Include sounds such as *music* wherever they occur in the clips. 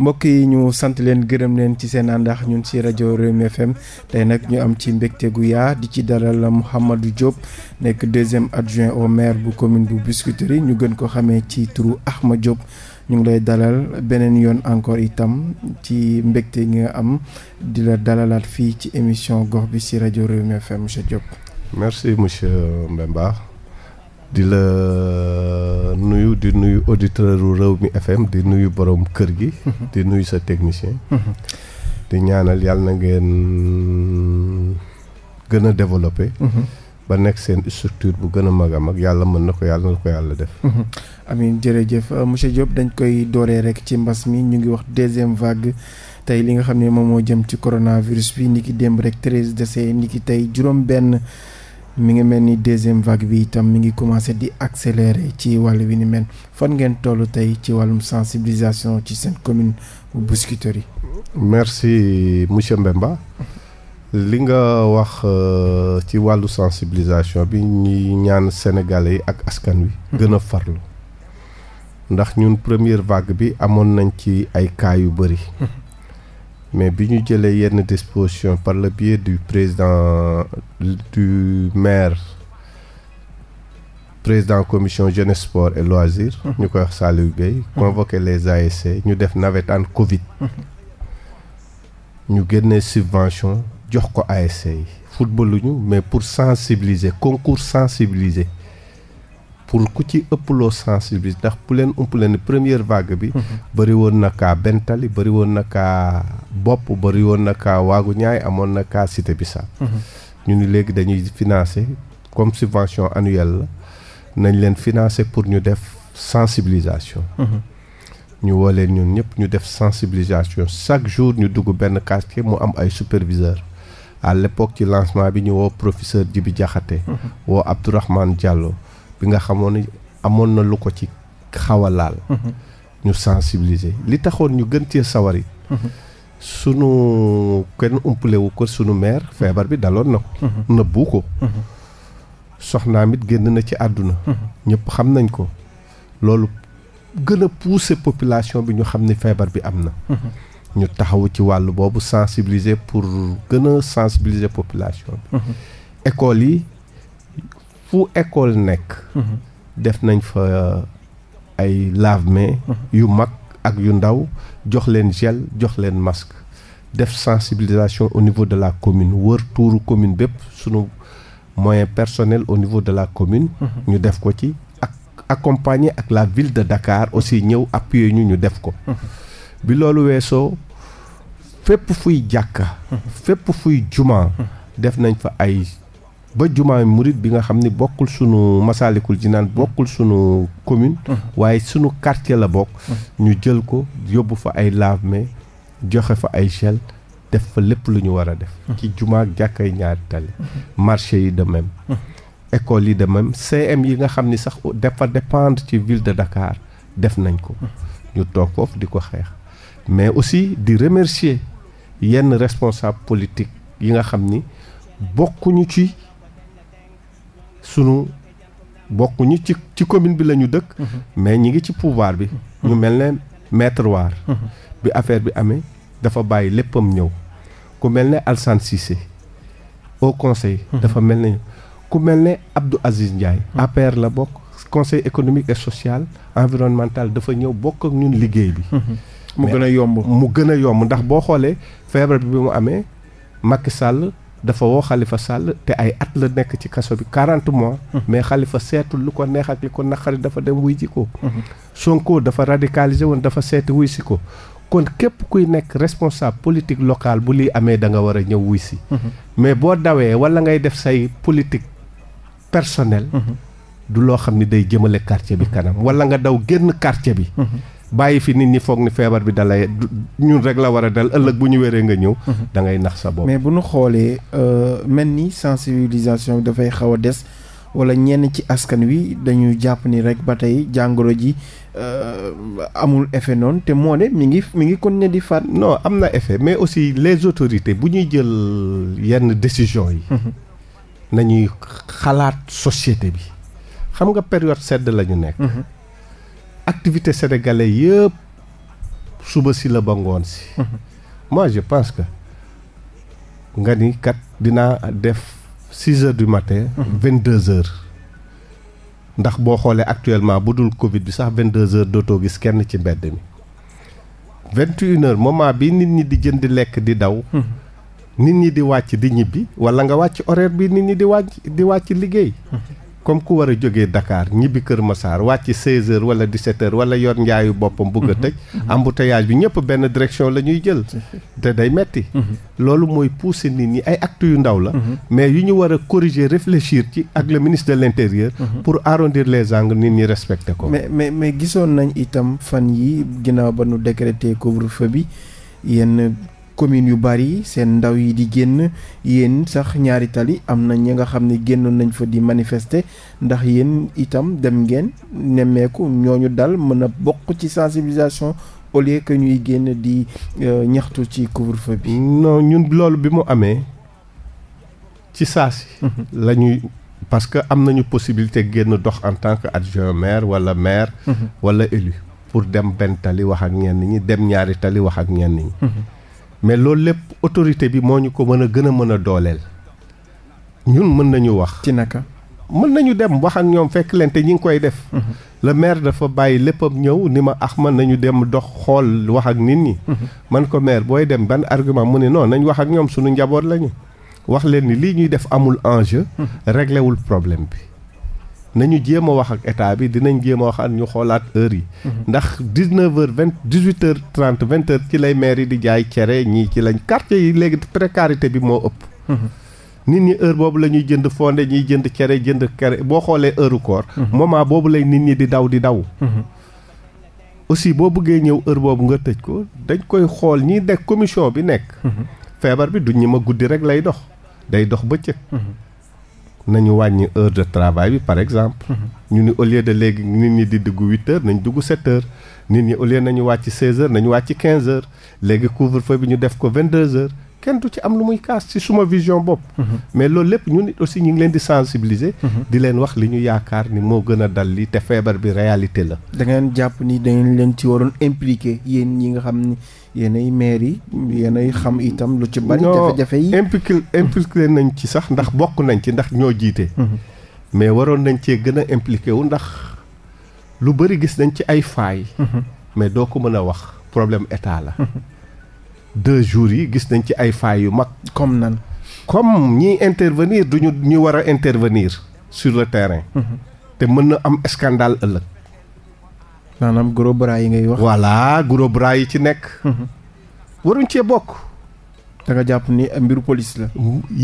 mbokk yi ñu sant leen gërëm leen ci seen àndax ñun ci rajo Rewmi FM tey nag ñu am ci mbégte gu yaa di ci dalal Mouhamadou Diop nekk deuxième adjoint au maire bu commune bu Biscuiterie ñu gën ko xamee ci turu Ahma Diop ñu ngi lay dalal beneen yoon encore itam ci mbégte gi am di la dalalaat fii ci émission gox bi ci rajo Rewmi FM monsieur Diop. merci monsieur Mbemba. di la euh, nuyu di nuyu auditeur u mi FM di nuyu boroom kër gi. Mhm. di nuyu sa technicien. Mhm. di ñaanal yàlla na ngeen gën a développé. Mhm. ba nekk seen structure bu gën a mag a mag yàlla mën na ko yàlla ko yàlla def. amiin jërëjëf euh, monsieur Diop dañ koy dooree rek ci mbas mi ñu ngi wax deuxième vague tey li nga xam ne moom moo jëm ci coronavirus bi ni ki démb rek treize décès ni ki tey juróom benn. mi ngi mel ni deuxième vague bi itam mu ngi commencé di accélérer ci wàll wi ni mel fan ngeen toll tey ci wàllum sensibilisation ci seen commune bu Biscuiterie yi. merci monsieur Mbemba li nga wax euh, ci wàllu sensibilisation bi ñuy ñaan sénégalais yi ak askan wi. Mhm. gën a farlu ndax ñun première vague bi amoon nañ ci ay cas yu bëri. Mhm. mais bi ñu jëlee yenn disposition par le bier du président du maire président commission jeunesse sport et loisirs mhm. ñu koy wax Saliou Gueye mhm. convoqué les ASC ñu def navette en Covid mhm. ñu génnee subvention jox ko ASC yi footballuñu mais pour sensibiliser concours sensibiliser pour ku ci ëpploo sensibiliser ndax bu leen ëpp leen première vague bi. bëri woon na kaa Bentali bëri woon na kaa Bopp bëri woon na kaa Waagu Ñaay amoon na kaa Cité Bissap. Mhm. ñu ni léegi dañuy financer comme subvention annuelle la nañ leen financer pour ñu def sensibilisation. Mhm. ñu woo leen ñun ñëpp ñu def sensibilisation chaque jour ñu dugg benn quartier mu am ay superviseur à l'époque ci lancement bi ñu woo professeur Djibi Diakhaté. Mhm. woo Abdourahmane Diallo. bi nga xamoon ne amoon na lu ko ci xaw a laal mhm. ñu sensibiliser li taxoon ñu gën cee sawar it mhm. sunu kenn umpalewu ko sunu maire feebar bi daloon na ko mhm. nëbbu ko soxnaam it génn na ci àdduna ñëpp xam nañ ko loolu gën a pousser bi ñu xam ni feebar bi am na ñu taxawu ci wàllu boobu sensibiliser pour gën a sensibiliser population bi école yi fu ecole nekk. Mhm. def nañ fa ay lave-mains mhm. yu mag ak yu ndaw jox leen gel jox leen masque def sensibilisation au niveau de la commune wër tuuru commune bépp sunu moyen personnel au niveau de la commune. Mhm. ñu def ko ci ak accompagner ak la ville de Dakar aussi ñëw appuyer ñu ñu def ko. bi loolu weesoo fépp fuy jàkka. fépp fuy juma. def nañ fa ay. ba jumaa murit bi nga xam ni bokkul sunu Masaalikul Jinaan bokkul sunu commune waaye sunu quartier la bokk ñu jël ko yóbbu fa ay lave joxe fa ay gel def fa lépp lu ñu war a def ci jumaa ak jàkkay ñaari tali marché yi de même école yi de même CM yi nga xam ni sax dafa dépendre ci ville de Dakar def nañ ko ñu toog foofu di ko xeex mais aussi di remercier yenn responsable politique yi nga xam ni bokkuñu ci sunu bokkuñu ci ci commune bi la ñu dëkk. Mhm. mais ñi ngi ci pouvoir bi. Mhm. ñu mel ne maître waar. Mhm. bi affaire bi amee dafa bàyyi léppam ñëw ku mel ne Alsane Cissé au conseil. dafa mel ne ku mel ne Abdou Aziz Ndiaye. APR la bokk conseil économique et social environnemental dafa ñëw bokk ak ñun liggéey bi. mu gën a yomb mu gën a yomb ndax boo xoolee feebar bi mu amee Macky Sall. dafa woo xalifa Sall te ay at la nekk ci kaso bi 40 mais xalifa seetul lu ko neex ak li ko naqari dafa dem wuy ji ko. Sonko dafa radicalisé woon dafa seeti wuy si ko. kon képp kuy nekk responsable politique locale bu liy amee danga war a ñëw wuy si. mais boo dawee wala ngay def say politique personnelle. du loo xam ni day jëmale quartier bi kanam wala nga daw génn quartier bi. bàyyi fi nit ñi foog ni feebar bi dalay ñun rek la war a dal ëllëg bu ñu wéree nga ñëw. Mhm. dangay ngay nax sa bopp. mais bu nu xoolee euh, mel ni sensibilisation bi dafay xaw a des wala ñenn ci askan wi dañuy jàpp ni rek ba tey jàngoro ji euh, amul effet noonu te moo ne mi ngi mi ngi ne di faat. noo am na effet mais aussi les autorités bu ñuy jël yenn décision yi. Mhm. nañuy xalaat société bi xam nga période sedd la ñu nekk. Mhm. activité sénégalais yëpp suba si la ba ngoon si. *laughs* moi je pense que nga ni kat dinaa def six heures du matin. Mhm. vingt deux heures. ndax boo xoolee actuellement bu dul Covid bi sax vingt deux heures dootoo gis kenn ci mbedd mi. vingt et moment bi nit ñi di jën di lekk di daw. Mhm. nit ñi di wàcc di ñibbi wala nga wàcc horaire bi nit ñi di wàcc di wàcc liggéey. Mhm. comme ku war a jógee Dakar ñibbi Kër Massar wàcc 16h wala 17h wala yor njaayu boppam. bëgg a tëj mhm. embouteillage bi ñëpp benn direction la ñuy jël. te day metti mhm. loolu mooy pousser nit ñi ay actes yu ndaw la. Mhm. mais yu ñu war a corriger réfléchir ci ak le ministre de l' intérieur. pour arrondir les angles nit ñi respecter ko. mais mais mais gisoon nañ itam fan yi ginnaaw ba nu décréter couvre-feu bi yenn. communes yu bari seen ndaw yi di génn yéen sax ñaari tali am na ñi nga xam ne génnoon nañ fa di manifester ndax yéen itam dem ngeen nemmeeku ñoo ñu dal mën a bokk ci sensibilisation au lieu que ñuy génn di euh, ñaxtu ci couvre-feu bi. non ñun loolu bi mu amee ci saasi. Mhm. la ñuy parce que am nañu possibilité génn dox en tant que adjoint maire wala maire. Mhm. wala élu pour dem benn tali wax ak ñenn ñi dem ñaari tali wax ak ñenn ñi. Mhm. mais loolu lépp autorité bi moo ñu ko mën a gën a mën a dooleel ñun mën nañu wax. ci naka. mën nañu dem wax ak ñoom fekk leen te ñi ngi koy def. Mhm. le maire dafa bàyyi léppam ñëw ni ma ax ah man nañu dem dox xool wax ak nit ñi. Mhm. man ko maire booy dem ban argument mu ne non nañu wax ak ñoom suñu njaboot lañu. wax leen ni lii ñuy def amul enjeu. Mhm. réglewul problème bi. nañu jéem wax ak état bi dinañ jéema waxaat ñu xoolaat heure yi. Mhm. ndax dix neuf heures vingt dix huit heures trente vingt heures ci lay maire yi di jaay cere ñii ci lañ quartier yi léegi précarité bi moo ëpp. Mhm. nit ñi heure boobu la ñuy jënd fonde ñuy jënd cere jënd cere boo xoolee heure koor. Mhm. moment boobu lay nit ñi di daw di daw. aussi boo bëggee ñëw heure boobu nga tëj ko dañ koy xool ñiy nekk commission bi nekk. feebar bi du ñi ma guddi rek lay dox day dox bëccëg. nañu wàññi heure de travail bi par exemple. Mhm. ñu ni au lieu de léegi nit ñi di dugg huit heures nañ dugg sept nit ñi au nañu wàcc seize heures nañu wàcc quinze heures léegi couvre-feu bi ñu def ko vingt deux heures. kenn du ci am lu muy kaas ci suma vision bopp. Mhm. mais loolu lépp ñu it aussi ñu ngi leen di sensibiliser. Mhm. di leen wax li ñu yaakaar ni moo gën a dal li te feebar bi réalité la. da ngeen jàpp ni dangeen leen ci waroon impliqué yéen ñi nga xam ni ay maire yi yéenay xam itam lu ci bari. jafe-jafe yi impliqué mhm. impliqué nañ ci sax ndax bokk nañ ci ndax ñoo jiite. mais waroon nañ cee gën a impliqué wu ndax lu bëri gis nañ ci ay faay mais doo ko mën a wax problème état la. deux jours yi gis nañ ci ay failles yu mag. comme nan comme ñii intervenir duñu ñu war a intervenir sur le terrain. Mhm. te mën na am scandale ëllëg. maanaam gros bras yi ngay wax. voilà gros bras yi ci nekk. Mhm. waruñ cee bokk. da jàpp ni mbiru police la.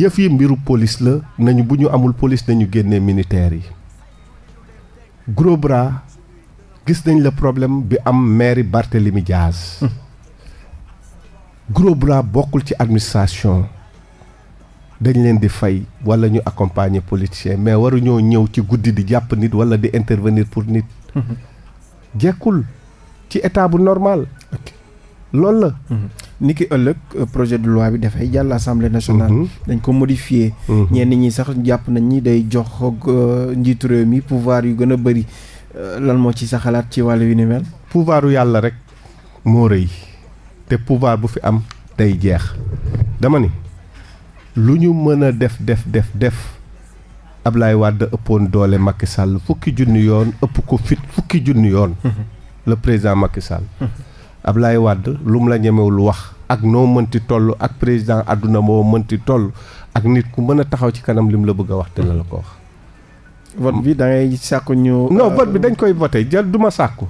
yëf yi mbiru police la nañu bu ñu amul police nañu génnee militaires yi. gros gis nañ le problème bi am mairie Barthélémy Diaz. Mhm. gros bras bokkul ci administration dañ leen di fay wala ñu accompagner politicien mais waruñoo ñëw ci guddi di jàpp nit wala di intervenir pour nit jekkul ci état bu normal loolu la mhm. ni ki ëllëg euh, projet de loi bi dafay jàll assemblée nationale mhm. dañ ko modifier mhm. ñenn ñi sax jàpp nañ ñi day jox euh, njiitu réew mi pouvar yu gën a bëri euh, lan moo ci sa xalaat ci wàll yu ni mel pouvoiru yàlla rek moo rëy te pouvoir bu fi am tey jeex dama ni lu ñu mën a def def def def Ablaye Wade ëppoon doole Macky Sall fukki junni yoon ëpp ko fit fukki junni yoon mm-hmm. le président Macky Sall mm-hmm. Ablaye Wade lu mu la ñemewul wax ak noo mënti toll ak président àdduna moo mënti toll ak nit ku mën a taxaw ci kanam lim la bëgg a wax te la la ko wax vote bi da ngay sàkku ñu non euh, vote bi dañ koy voté jël du ma sàkku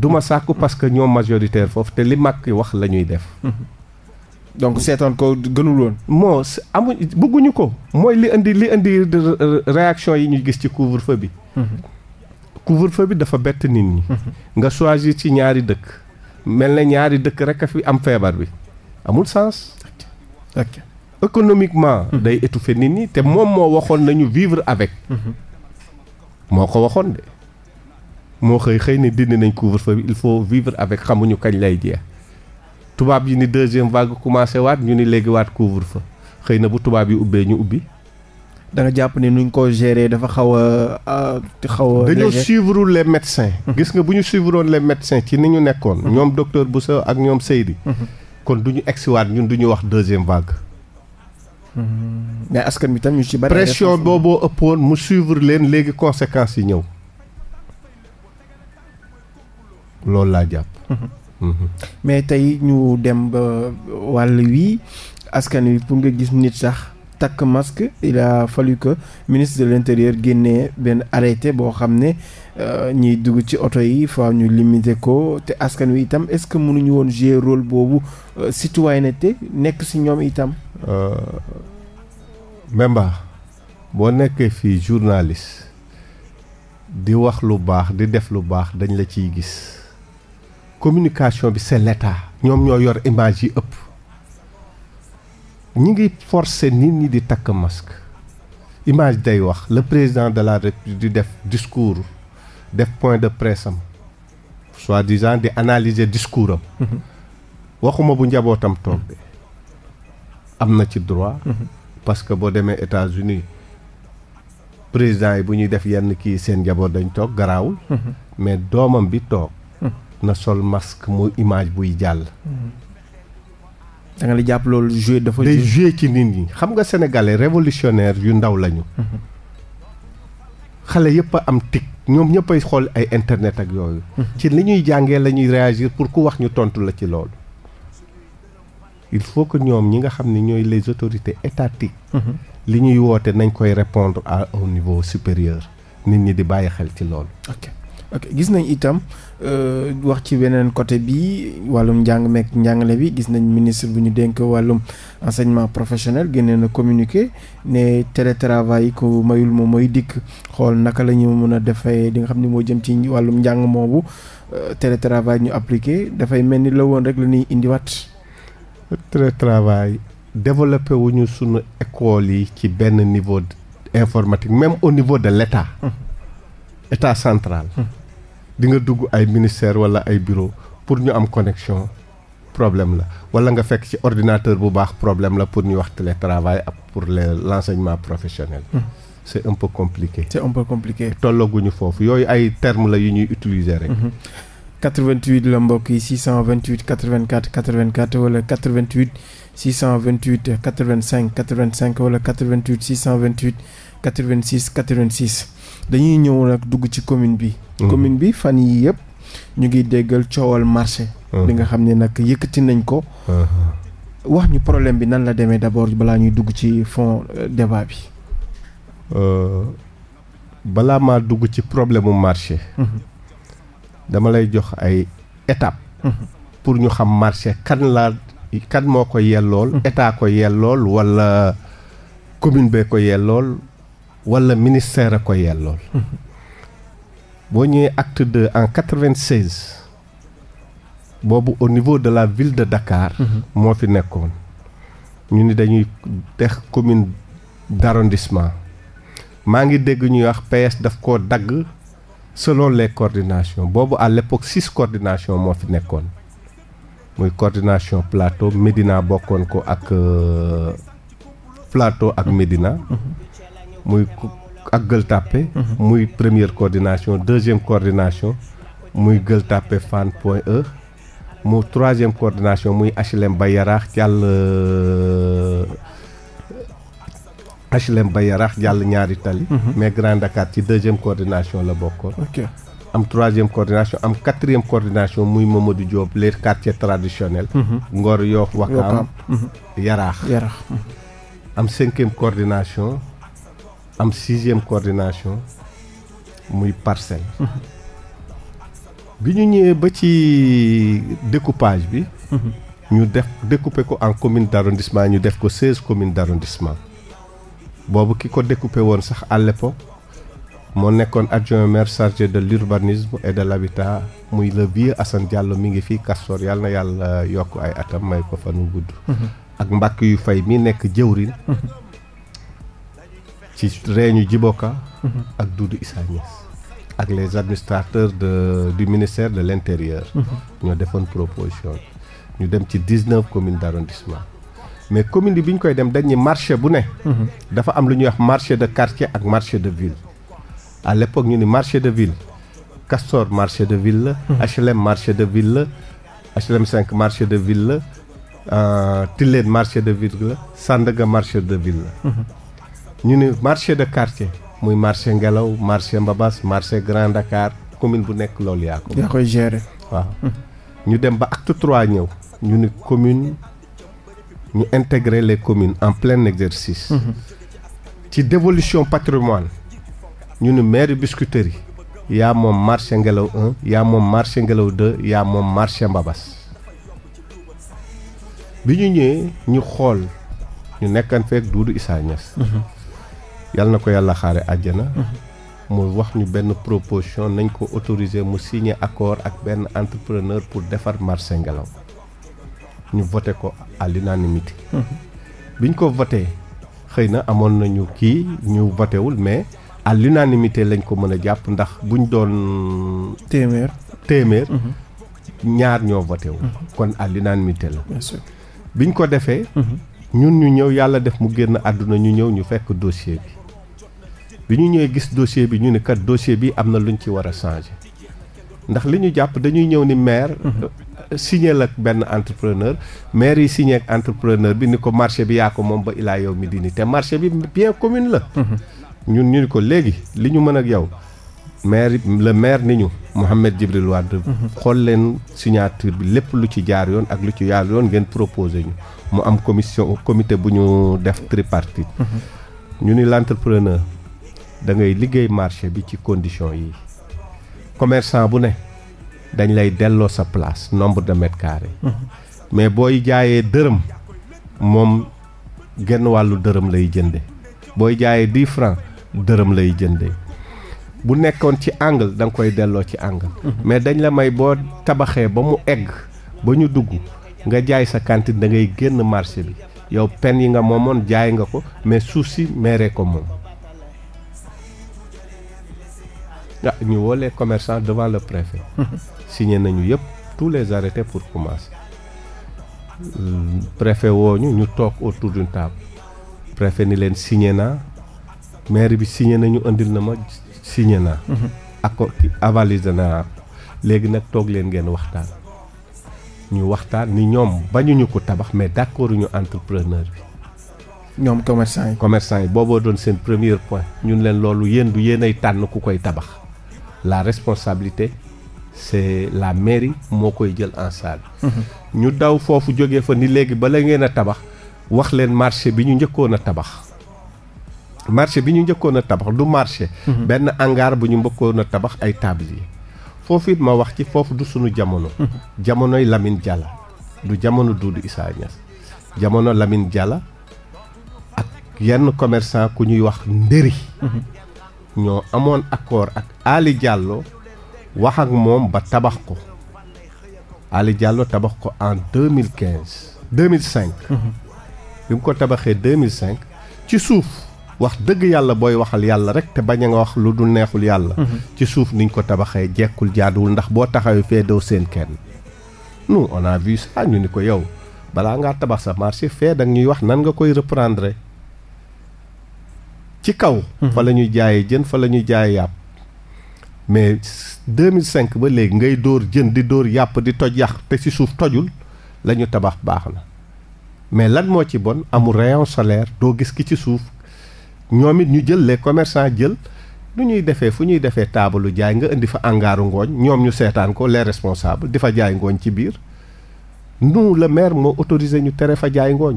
du ma sàkku parce que ñoom majoritaire foofu te li Macky wax la ñuy def. donc seetoon ko gënul woon. moo amuñ bëgguñu ko mooy li indi li indi réaction yi ñu gis ci couvre-feu bi. Mhm. couvre-feu bi dafa bett nit ñi. Mhm. nga choisir ci ñaari dëkk. mel na ñaari dëkk rek a fi am feebar bi amul sens. ok économiquement. Mhm. day étouffer nit ñi te moom moo waxoon nañu vivre avec. moo ko waxoon de. moo xëy xëy ne dindi nañ couvre-feu bi il faut vivre avec xamuñu kañ lay jeex tubaab yi ni deuxième vague commencé waat ñu ni léegi waat couvre fa xëy na bu tubaab yi ubbee ñu ubbi. da jàpp ne nuñ ko gérer dafa xaw a xaw a. dañoo les médecins. gis nga bu ñu suivre woon les médecins ci ni ñu nekkoon. ñoom bu Bousso ak ñoom Seydi. kon du ñu egsiwaat ñun du ñu wax deuxième vague. mais askan bi tam ñu ci pression booboo ëppoon mu suivre leen léegi conséquences yi ñëw. loolu laa jàpp. Mhm. Mhm. mais tey ñu dem ba wàll wi askan wi pour nga gis nit sax takk masque il a ministre de l'intérieur génnee benn arrêté boo xam ne euh, ñuy dugg ci oto yi faaw ñu limiter ko te askan wi itam est-ce que mënuñu woon jouer rôle boobu euh, citoyenneté nekk ci ñoom itam. Euh, Mbemba boo nekkee fii journaliste di wax lu baax di def lu baax dañ la ciy gis. communication bi c'est l'état ñoom ñoo yor image yi ëpp ñi ngi forcer nit ñi di takk masque image day wax le président de la république di def discours def point de presse soit soi-disant di analyser discours am mm-hmm. waxuma bu njabootam toog de mm-hmm. am na ci droit mm-hmm. parce que boo demee États-Unis président yi bu ñuy def yenn kii seen njaboot dañ toog garaawul mais doomam bi toog na sol masque mu image buy jàll. da nga li jàpp loolu joué ci nit ñi xam nga sénégalais révolutionnaire yu ndaw lañu. xale yëpp a am tic ñoom ñëpp ay xool ay internet ak yooyu. ci li ñuy jàngee la ñuy réagir pour ku wax ñu tontu la ci loolu. il faut que ñoom ñi nga xam ni ñooy les autorités étatiques. Mhm. li ñuy woote nañ koy répondre à un niveau supérieur nit ñi di bàyyi xel ci loolu. ok gis nañ itam euh, wax ci beneen côté bi wàllum njàng meek njàngale bi gis nañ ministre bu ñu dénk wàllum enseignement professionnel génnee na communiqué ne télétravail ko mayul moom mooy dikk xool naka la ñu mën a defee di nga xam ne moo jëm ci wàllum njàng moomu euh, télétravail ñu appliqué dafay mel ni la woon rek la ñuy indiwaat. télétravail développé wu ñu sunu école yi ci benn niveau informatique même au niveau de l' état. central. di nga dugg ay ministère wala ay bureau pour ñu am connexion problème la wala nga fekk ci ordinateur bu baax problème la pour ñu wax télétravail ak pour les l'enseignement professionnel mmh. c'est un peu compliqué c'est un peu tollooguñu foofu yooyu ay terme la yu ñuy utiliser rek 88 hmm. la mbokk yi 628 84 84 wala 88 628 85 85 wala 88 628 86 86 dañuy ñëw nag dugg ci commune bi Mhm. commune bi fan yii yëpp ñu ngi déggal coowal marché bi mhm. nga xam ne nag yëkkati nañ ko uh-huh. wax ñu problème bi nan la demee d'abord balaa ñuy dugg ci fond euh, débat bi euh, balaa maa dugg ci problème mu marché mhm. dama lay jox ay étape pour ñu xam marché kan laa kan moo ko yellool état ko yellool wala commune bee ko yellool wala ministère a ko yellool boo ñëwee acte de en quatre-vingt-seize boobu au niveau de la ville de Dakar. Mhm. moo fi nekkoon ñu ni dañuy dex commune darondissement maa ngi dégg ñuy wax PS daf koo dagg selon les coordinations boobu à l'époque six coordination moo fi nekkoon muy coordination plateau Médina bokkoon ko ak euh, plateau ak Médina mhm. muy ak Gueule Tapée muy première coordination deuxième coordination muy Gueule Tapée Fann Point E mu troisième coordination muy HLM ba Yaraax jàll HLM euh, ba Yaraax jàll ñaari tali mhm. mais Grand Dakar ci deuxième coordination la bokkoon am troisième coordination am quatrième cordination muy Mamadou Diop les quartiers traditionnels mhm. Ngor Yoff Wakaam mhm. Yaraax Yaraax am cinquième coordination am sixième coordination muy parcelle. Mhm. bi ñu ñëwee ba ci découpage bi. Mhm. ñu def découper ko en commune d' ñu def ko seize communes d' arrondissement boobu ki ko découper woon sax à moo nekkoon adjoint maire chargé de l'urbanisme et de l'habitat muy le vieux Assane Diallo mi ngi fii Castor yàlla na yàlla yokk ay atam may ko fanu gudd. Mhm. ak mbakk yu fay mi nekk jëwrin ci reeñu Djiboka ak Doudou Issa ak les administrateurs de du ministère de l'intérieur ñoo defoon proposition ñu dem ci dix-neuf communes d'arrondissement mais commune bi bi ñu koy dem ni marché bu ne dafa am lu ñuy wax marché de quartier ak marché de ville à l'époque ñu ni marché de ville Castor marché de ville la HLM marché de ville la HLM 5 marché de ville la euh, Tilène marché de ville la Sandaga marché de ville ñu ne marché de quartier muy marché Ngelaw marché Mbabas marché Grand Dakar commune bu nekk loolu yaa ko. yaa koy ñu dem ba acte trois ñëw ñu ni commune ñu intégrer les communes en plein exercice. Mhm. ci dévolution patrimoine ñu ni maire Biscuiterie yi yaa moom marché Ngelaw un yaa moom marché Ngelaw deux yaa moom marché Mbabas bi ñu ñëwee ñu xool ñu nekkan feek Doudou Issa yàlla na ko yàlla xaare àjjana mu wax ñu benn proposition nañ ko autoriser mu signer accord ak benn entrepreneur pour defar marché ngelaw ñu vote ko à l'unanimité biñ ko vote xëy na amoon nañu kii ñu voté wul mais à l'unanimité lañ ko mën a jàpp ndax bu ñu doon téeméer téeméer mhm. ñaar ñoo voté mhm. kon à l'unanimité la bien sûr ko defee mhm. ñun ñu ñëw yàlla def mu génn àdduna ñu ñëw ñu fekk dossier bi bi ñu ñëwee gis dossier bi ñu ne kat dossier bi am na lu ñu ci war a changer ndax li ñu jàpp dañuy ñëw ni maire. Mhm. Euh, signé la ak benn entrepreneur maire yi signé ak entrepreneur bi ni ko marché bi yaa ko moom ba ilaa yow mi di ni te marché bi bien commune la. Mhm. ñun ñu ni ko léegi li ñu mën ak yow. maire le maire ni ñu Mouhamed Djibril Wade mhm. xool leen signature bi lépp lu ci jaar yoon ak lu ci jaar yoon ngeen proposé ñu mu am commission comité bu ñu def tripartite ñu ni l'entrepreneur da ngay liggéey marché bi ci condition yi commerçant bu ne dañ lay delloo sa place nombre de mètres carrés mhm. mais booy jaayee dërëm moom genn wàllu dërëm lay jënde booy jaayee dix francs dërëm lay jënde bu nekkoon ci angle da nga koy delloo ci angle mhm. mais dañ la may boo tabaxee ba mu egg ba ñu dugg nga jaay sa cantine da ngay génn marché bi yow pen yi nga moomoon jaay nga ko mais suuf si meeree ko moom ah ñu woo les commerçants devant le préfet mhm. signé nañu yëpp tous les arrêtés pour commencer euh, préfet woo ñu ñu toog autour d'une table préfet ni leen signé naa maire bi signé nañu indil na ma signé naa mhm. accord avalisé naa léegi nag toog leen ngeen waxtaan ñu waxtaan ni ñoom bañuñu ko tabax mais d'accord ñu entrepreneur bi ñoom commerçant yi commerçant yi booboo doon seen premier point ñun leen loolu yéen du yéen ay tànn ku koy tabax la responsabilité c'est la mairie moo koy jël en charge. ñu daw foofu jóge fa ni léegi bala ngeen a tabax wax leen marché bi ñu njëkkoon a tabax. marché bi ñu njëkkoon a tabax du marché. Mhm. benn hangar bu ñu mbëkkoon a tabax ay tablier foofu it ma wax ci foofu du sunu jamono. Mhm. jamonoy Lamine Diallo du jamono Doudou Issa jamono Lamine Diallo ak yenn commerçant ku ñuy wax ndëri. Mhm. ñoo amoon accord ak Ali jàlloo wax ak moom ba tabax ko Ali jàlloo tabax ko en deux mille quinze deux mille cinq. bi mu ko tabaxee deux mille cinq ci suuf wax dëgg yàlla booy waxal yàlla rek te bañ a nga wax lu dul neexul yàlla. Mhm. ci suuf niñ ko tabaxee jekkul jaaduwul ndax boo taxawee fee doo seen kenn. nous on a vu ñu ni ko yow balaa ngaa tabax sa marché fee da ñuy wax nan nga koy reprendre. ci kaw. Mhm. fa la ñuy jaayee jën fa la ñuy jaayee yàpp. mais 2005 ba léegi ngay dóor jën di dóor yàpp di toj yàq te ci suuf tojul la ñu tabax baax na mais lan moo ci bon amul rayon solaire doo gis ki ci suuf ñoom it ñu jël les commerçants jël. nu ñuy defee fu ñuy defee taabalu jaay nga indi fa angaaru ngooñ ñoom ñu seetaan ko les responsables di fa jaay ngooñ ci biir nous le maire moo autorisé ñu tere fa jaay ngooñ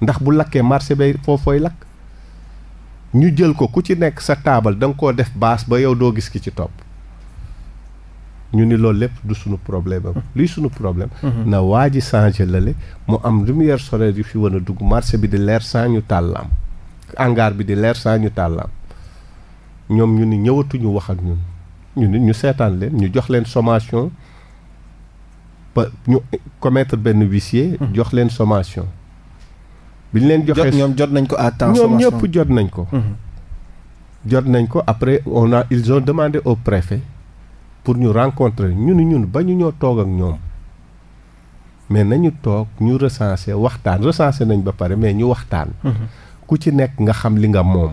ndax bu lakkee marché bay foofu fooy lakk ñu jël ko ku ci nekk sa taabal danga nga koo def baas ba yow doo gis ki ci topp ñu ni loolu lépp du suñu problème am luy suñu problème mhm. na waa ji sangé lale mu am lumière solaire yi fi wan a dugg marché bi di leer sans ñu tàllaam hangar bi di leer sans ñu tàllaam ñoom ñu ni ñëwatuñu wax ak ñun ñu ni ñu seetaan leen ñu jox leen sommation ba ñu commettre benn huissier mhm. jox leen sommation bi ñu leen joxee ñoom jot nañ ko à temps ñoom ñëpp jot nañ ko. Mhm. jot nañ ko après on a ils ont demandé au préfet pour ñu rencontrer ñun ñun ba ñu ñoo toog ak ñoom mais nañu toog ñu recenser waxtaan recenser nañ ba pare mais ñu waxtaan. Mhm. ku ci nekk nga xam li nga moom.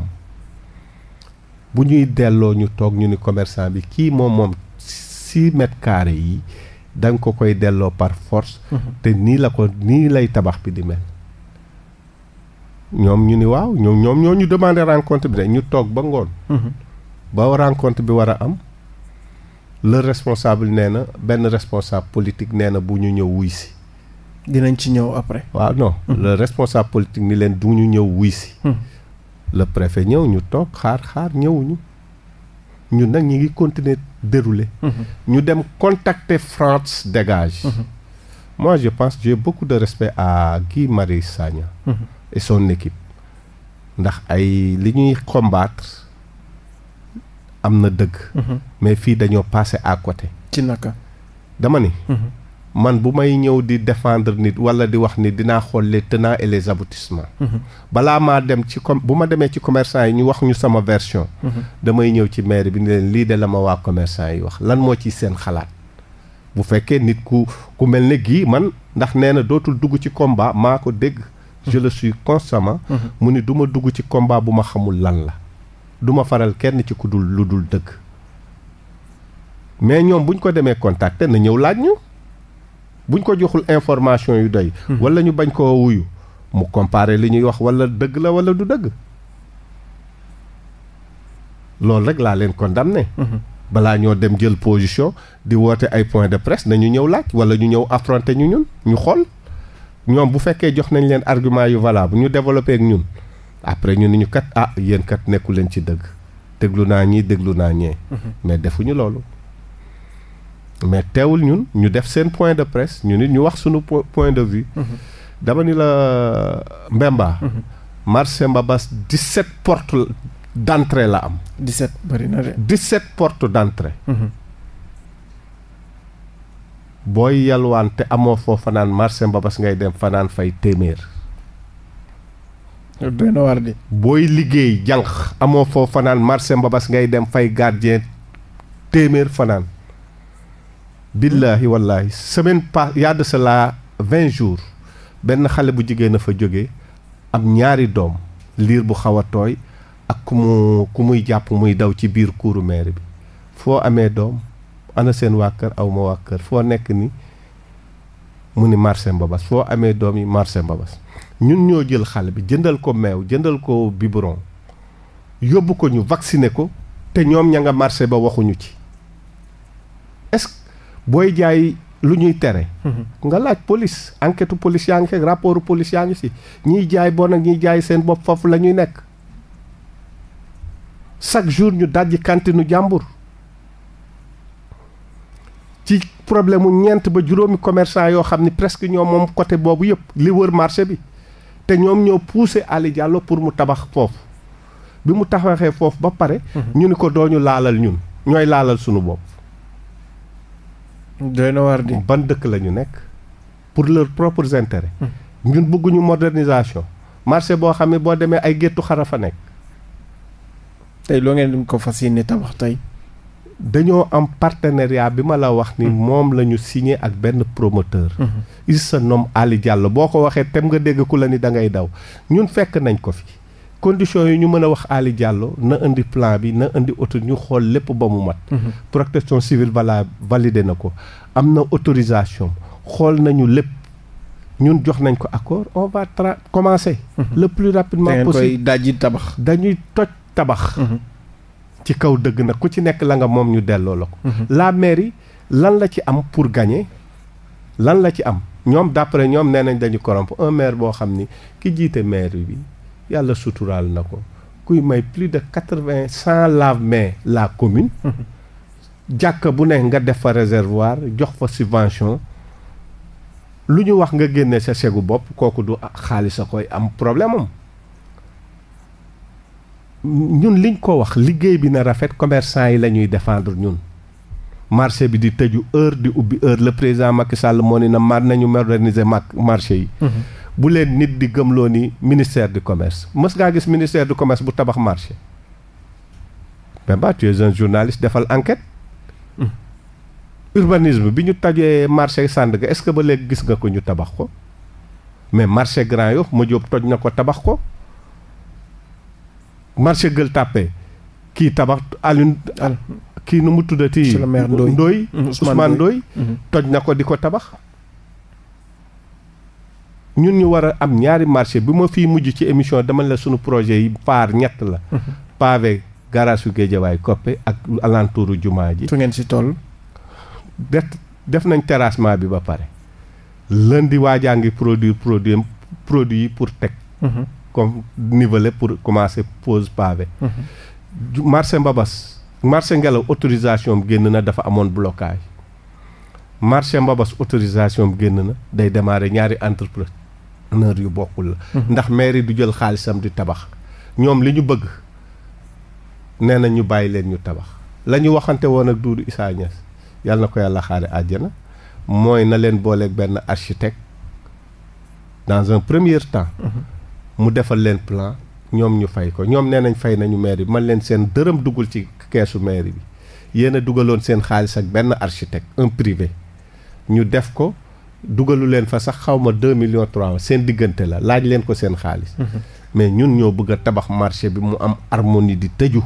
bu ñuy delloo ñu toog ñu ni commerçant bi kii moom moom si mètres carrés yi da nga ko koy delloo par force. Mhm. te nii la ko nii lay tabax bi di mel. ñoom ñu ni waaw ñoom ñoom ñoo ñu demandé rencontre bi de ñu toog ba ngoon. Mhm. ba rencontre bi war a am. le responsable nee na benn responsable politique nee na bu ñu ñëw wuy si. dinañ ci ñëw après. waaw non mhm. le responsable politique ni leen du ñu ñëw wuy si. Mhm. le préfet ñëw ñu toog xaar xaar ñëwuñu. ñu nag ñu ngi continuer dérouler. ñu dem contacter France dégage. moi je pense j'ai beaucoup de respect à Guy Marius Sagna. et son ndax ay li ñuy combattre am na dëgg. Mhm. mais fii dañoo passé à côté. ci naka. dama ni. Mhm. man bu may ñëw di défendre nit wala di wax ni dinaa xool les tenants les aboutissements. Mhm. balaa maa dem ci com bu ma demee ci commerçant yi ñu wax ñu sama version. damay ñëw ci maire bi ni leen lii de la ma waa commerçant yi wax lan moo ci seen xalaat. bu fekkee nit ku ku mel ne gii man ndax nee na dootul dugg ci combat maa ko dégg. je le suis mm-hmm. mu ni du ma dugg ci combat bu ma xamul lan la. du ma faral kenn ci ku dul lu dul dëgg. mais ñoom bu ñu ko demee contacter na ñëw laaj ñu. bu ñu ko joxul information yu doy. Mm-hmm. walla ñu bañ koo wuyu. mu comparer li ñuy wax wala dëgg la wala du dëgg. loolu rek laa leen condamné. Mm-hmm. balaa ñoo dem jël position di woote ay point de presse na ñu ñëw laaj wala ñu ñëw affronter ñu ñun ñu xool. ñoom bu fekkee jox nañ leen argument yu valable ñu développé ak ñun après ñu ni ñu kat ah yéen kat nekku leen ci dëgg déglu naa ñii déglu naa ñee. Mhm. mais defuñu loolu. mais teewul ñun ñu def seen point de presse ñu nit ñu wax suñu point de vue. Mhm. dama ni la Mbemba. Mhm. marché Mbabas 17 portes porte entrée la am. 17 bari na de. 17 portes d' entrée. booy yalwaan amoo foo fanaan mbabas ngay dem fanaan fay téeméer. doy booy liggéey jànq amoo foo fanaan marché mbabas ngay dem fay gardien téeméer fanaan. billahi wallahi semaine pa y a de jours benn xale bu jigéen a fa jóge am ñaari doom liir bu xaw a tooy ak ku mu ku muy jàpp muy daw ci biir kuuru maire bi foo amee doom. ana seen waa kër aw ma waa kër foo nekk ni mu ni marché mbabas foo amee doom yi marché mbabas ñun ñoo jël xale bi jëndal ko meew jëndal ko biberon yóbbu ko ñu vacciner ko te ñoom ña nga marché ba waxuñu ci est-ce booy jaay lu ñuy tere mm-hmm. nga laaj police enquête police yaa ngi fekk rapport police yaa ngi si ñiy jaay bon ak ñiy jaay seen bopp foofu la ñuy nekk chaque jour ñu dajji kantinu jàmbur ci problème mu ñeent ba juróomi commerçant yoo xam ni presque ñoom moom côté boobu yëpp li wër marché bi te ñoom ñoo poussé Ali Diallo pour mu tabax foofu bi mu tabaxee foofu ba pare. Mhm. ñu ni ko dooñu laalal ñun ñooy laalal suñu bopp. doy na war di ban dëkk la ñu nekk pour leurs propres intérêts. Mhm. ñun bëgguñu modernisation marché boo xam ne boo demee ay géttu xara fa nekk. tey loo ngeen ko fas yéene tabax tey. dañoo am partenariat bi ma la wax ni mhm. moom lañu ñu ak benn promoteur mhm. il se nomme Ali boo ko waxee tem nga dégg ku la ni da ngay daw ñun fekk nañ ko fi condition yi ñu mën a wax Ali na indi plan bi na indi auto ñu xool lépp ba mu mat mhm. protection civile vala validé na ko am na autorisation xool nañu lépp ñun jox nañ ko accord on va tra commencer le plus rapidement tabax dañuy toj tabax ci kaw dëgg nag ku ci nekk la nga moom ñu delloo la ko. la mairie lan la ci am pour gagner lan la ci am ñoom d'après ñoom nee nañ dañu corrompre un maire boo xam ni ki jiite mairie bi yàlla suturaal na ko kuy may plus de quatre-vingt cent lave-mains la commune. jàkka bu ne nga def fa réservoir jox fa subvention. lu ñu wax nga génne sa segu bopp kooku du xaalis a koy am problème am ñun liñ ko wax liggéey bi na rafet commerçant yi la ñuy défendre ñun marché bi di tëju heure di ubbi heure le président Macky Sall moo ni na mar nañu moderniser mag marché yi mhm. bu leen nit di gëmloo ni ministère du commerce mës ngaa gis ministère du commerce bu tabax marché mais ba tu defal enquête mmh. urbanisme bi ñu tajee marché Sandaga est-ce que ba léegi gis nga ko ñu tabax ko mais marché Grand Yoff ma jóob toj na ko tabax ko marché Gueule Tapée kii tabax Alioune kii nu mu tuddati Ndoye mm-hmm. Ousmane Ndoye mm-hmm. toj na ko di ko tabax ñun ñu war a am ñaari marché bi ma fii mujj ci émission dama la sunu projet yi paar ñett la mm-hmm. pavé garage su waaye Koppe ak alentouru jumaa ji fu ngeen si toll def def nañ terrassement bi ba pare lundi jaa ngi produire produit produit yi pour teg comme niveler pour commencer pose pavé. Mhm. marché Mbabas marché Ngelaw autorisation am génn na dafa amoon blocage marché Mbabas autorisation am génn na day démarrer ñaari entrepreneur yu bokkul la. Mhm. ndax mairie du jël xaalisam di tabax ñoom li ñu bëgg nee na ñu bàyyi leen ñu tabax la ñu waxante woon ak Doudou Issa Niass yàlla na ko yàlla xaare àjjana mooy na leen booleeg benn architecte dans un premier temps. Mhm. mu defal leen plan ñoom ñu fay ko ñoom nee nañ fay nañu mairie bi man leen seen dërëm duggul ci keesu mairie bi yéen a dugaloon seen xaalis ak benn architecte un privé ñu def ko dugalu leen fa sax xawma ma deux millions trois seen diggante la laaj leen ko seen xaalis mhm. mais ñun ñoo bëgg a tabax marché bi mu am harmonie di tëju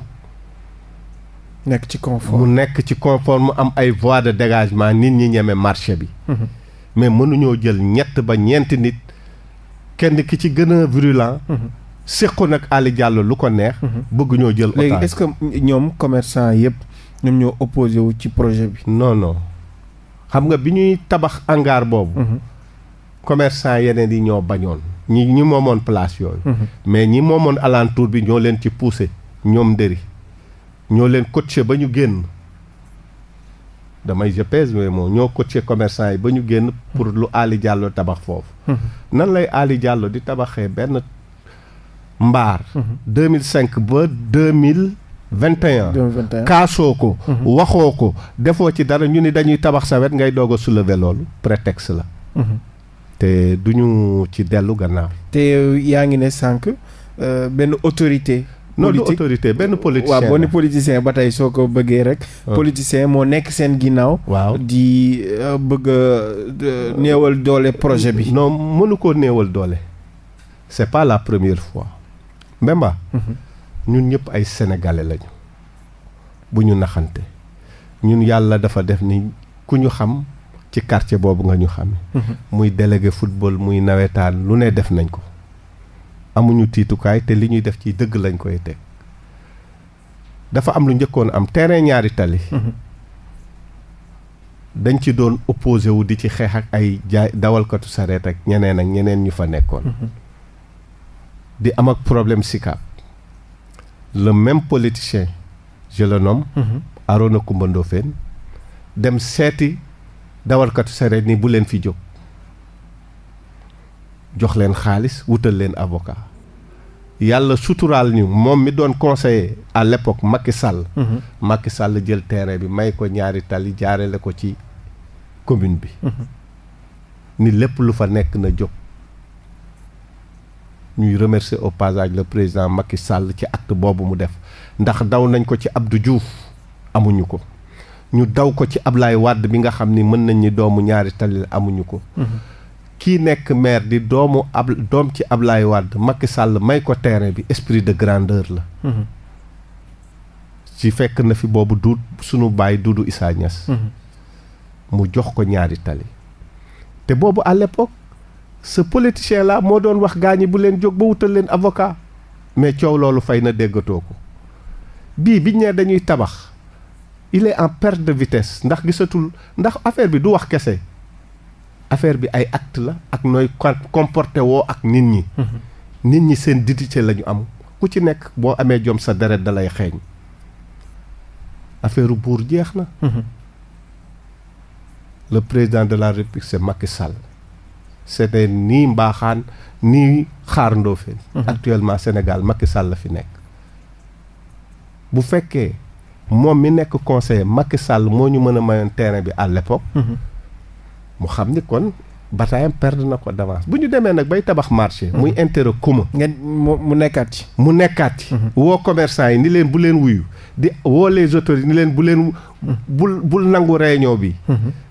nekk ci confort mu nekk ci confort mu am ay voies de dégagement nit ñi ñeme marché bi mhm. mais mënuñoo jël ñett ba ñeenti nit kenn ki ci gën a virulent. Mhm. seqoon ak Ali Diallo lu ko neex. Mhm. bëgg ñoo jël otage léegi est-ce que ñoom commerçant yëpp ñoom ñoo opposé wu ci projet bi. noonoo xam nga bi ñuy tabax hangar boobu. Mhm. commerçant yeneen yi ñoo bañoon. ñi ñi moomoon place yooyu. mais ñi moomoon alentour bi ñoo leen ci poussé ñoom ndëri ñoo leen coaché ba ñu génn. damay je pèse mais moo ñoo ci commerçant yi ba ñu génn pour lu Aly jàlloo tabax foofu mhm. nan lay Aly jàlloo di tabaxee benn mbaar 2005 mhm. ba 2000 21 kaasoo ko mhm. waxoo ko defoo ci dara ñu ni dañuy tabax sa wet ngay doog a soulever loolu prétexte la te duñu ci dellu gannaaw te yaa ngi ne sànq euh, benn autorité non du autorité benn politicien waaw benn ba tey soo ko bëggee rek. Oh. politicien moo nekk seen ginnaaw. waaw di euh, bëgg néewal doole projet bi. non mënu koo néewal doole. c'est pas la première fois. Mbemba. Mhm. ñun ñëpp ay sénégalais lañu. bu ñu naxante. ñun yàlla dafa def ni ku ñu xam ci quartier boobu nga ñu xam mhm. muy délégué football muy nawetaan lu ne def nañ ko. amuñu tiitukaay te li ñuy def ci dëgg lañ koy teg dafa am lu njëkkoon am terrain ñaari tali. Mhm. dañ ci doon opposé wu di ci xeex ak ay dawalkatu sareet ak ñeneen ak ñeneen ñu fa nekkoon. Mhm. di am ak problème Sicap le même politicien je le nomme. Mhm. Arona Coumba dem seeti dawalkatu sareet ni bu leen fi jóg. jox leen xaalis wutal leen avocat yàlla suturaal ñu moom mi doon conseiller à l'époque Macky Sall. Mhm. Macky Sall jël terrain bi may ko ñaari tali jaarale ko ci commune bi. Mhm. ni lépp lu fa nekk na jóg. ñuy remercier au passage le président makki sàll ci acte boobu mu def ndax daw nañ ko ci Abdou juuf amuñu ko ñu daw ko ci Ablaye wàdd bi nga xam ni mën nañ ni doomu ñaari tali amuñu ko. Mhm. kii nekk maire di doomu ci Ablaye Wade Macky Sall may ko terrain bi esprit de grandeur la. Mhm. fekk na fi boobu du sunu baay Doudou Issa mhm. mu jox ko ñaari tali. te boobu à l'époque ce politicien moo doon wax gaañi bu leen jóg ba wutal leen avocat. mais coow loolu fay na déggatoo ko bii biñ ne dañuy tabax il est en perte de vitesse ndax gisatul ndax affaire bi du wax kese. affaire bi ay acte la ak nooy comporté woo ak nit ñi mhm. nit ñi seen dignité la ñu am ku ci nekk boo amee jom sa deret dalay xeeñ affaire buur jeex na mhm. le président de la république c'est Macky Sall c'était nii mbaaxaan nii mhm. actuellement Sénégal Macky la fi nekk bu fekkee moom mi nekk conseiller Macky Sall moo ñu mën a mayoon terrain bi à l'époque mu xam ni kon bataayam perdre na ko d'avance bu ñu demee nag bay tabax marché. muy mhm. intérêt commun. ngeen mu nekkaat ci. mu nekkaat mhm. woo commerçant yi ni leen bu leen wuyu di woo les autorités ni leen bu leen. Mhm. bul bul nangu réunion bi.